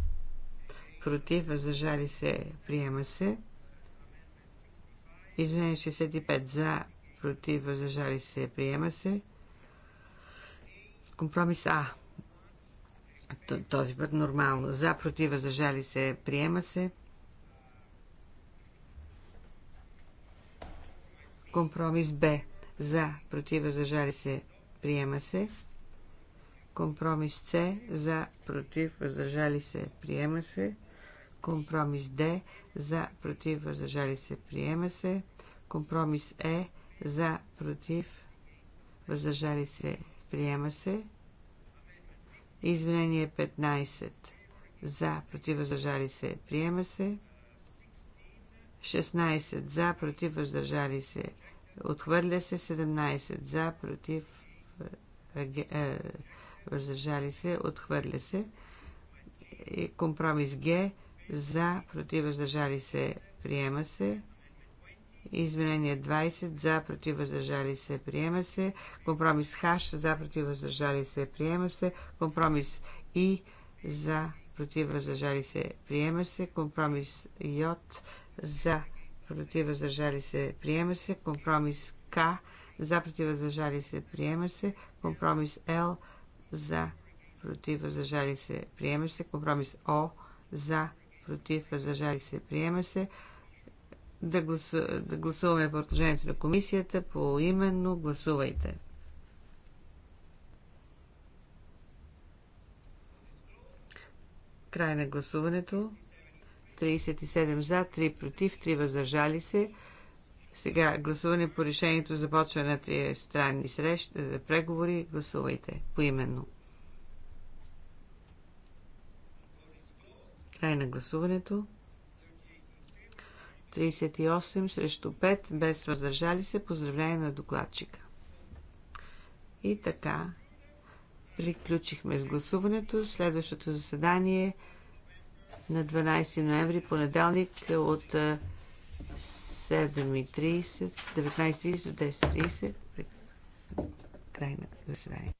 против възражали се приема се Изменение 65 за, против, въздържали се, приема се. Компромис А. Този път нормално. За, против, въздържали се, приема се. Компромис Б. За, против, въздържали се, приема се. Компромис С. За, против, въздържали се, приема се. Компромис Д за против въздържали се приема се. Компромис Е за против въздържали се приема се. Изменение 15 за против въздържали се приема се. 16 за против въздържали се отхвърля се. 17 за против е, въздържали се отхвърля се. И компромис Г за, против, въздържали се, приема се. Изменение 20 за, против, въздържали се, приема се. Компромис Х за, против, въздържали се, приема се. Компромис И за, против, въздържали се, приема се. Компромис Й за, против, въздържали се, приема се. Компромис К за, против, въздържали се, приема се. Компромис Л за, против, въздържали се, приема се. Компромис О за, против, въздържали се, приема се. Да, гласу... да гласуваме предложението на комисията по именно гласувайте. Край на гласуването. 37 за, 3 против, 3 въздържали се. Сега гласуване по решението за почване на три странни срещи, преговори. Гласувайте поименно. Край на гласуването. 38 срещу 5, без въздържали се. Поздравление на докладчика. И така, приключихме с гласуването. Следващото заседание на 12 ноември, понеделник от 7.30, 19.30 до 10.30. Край на заседание.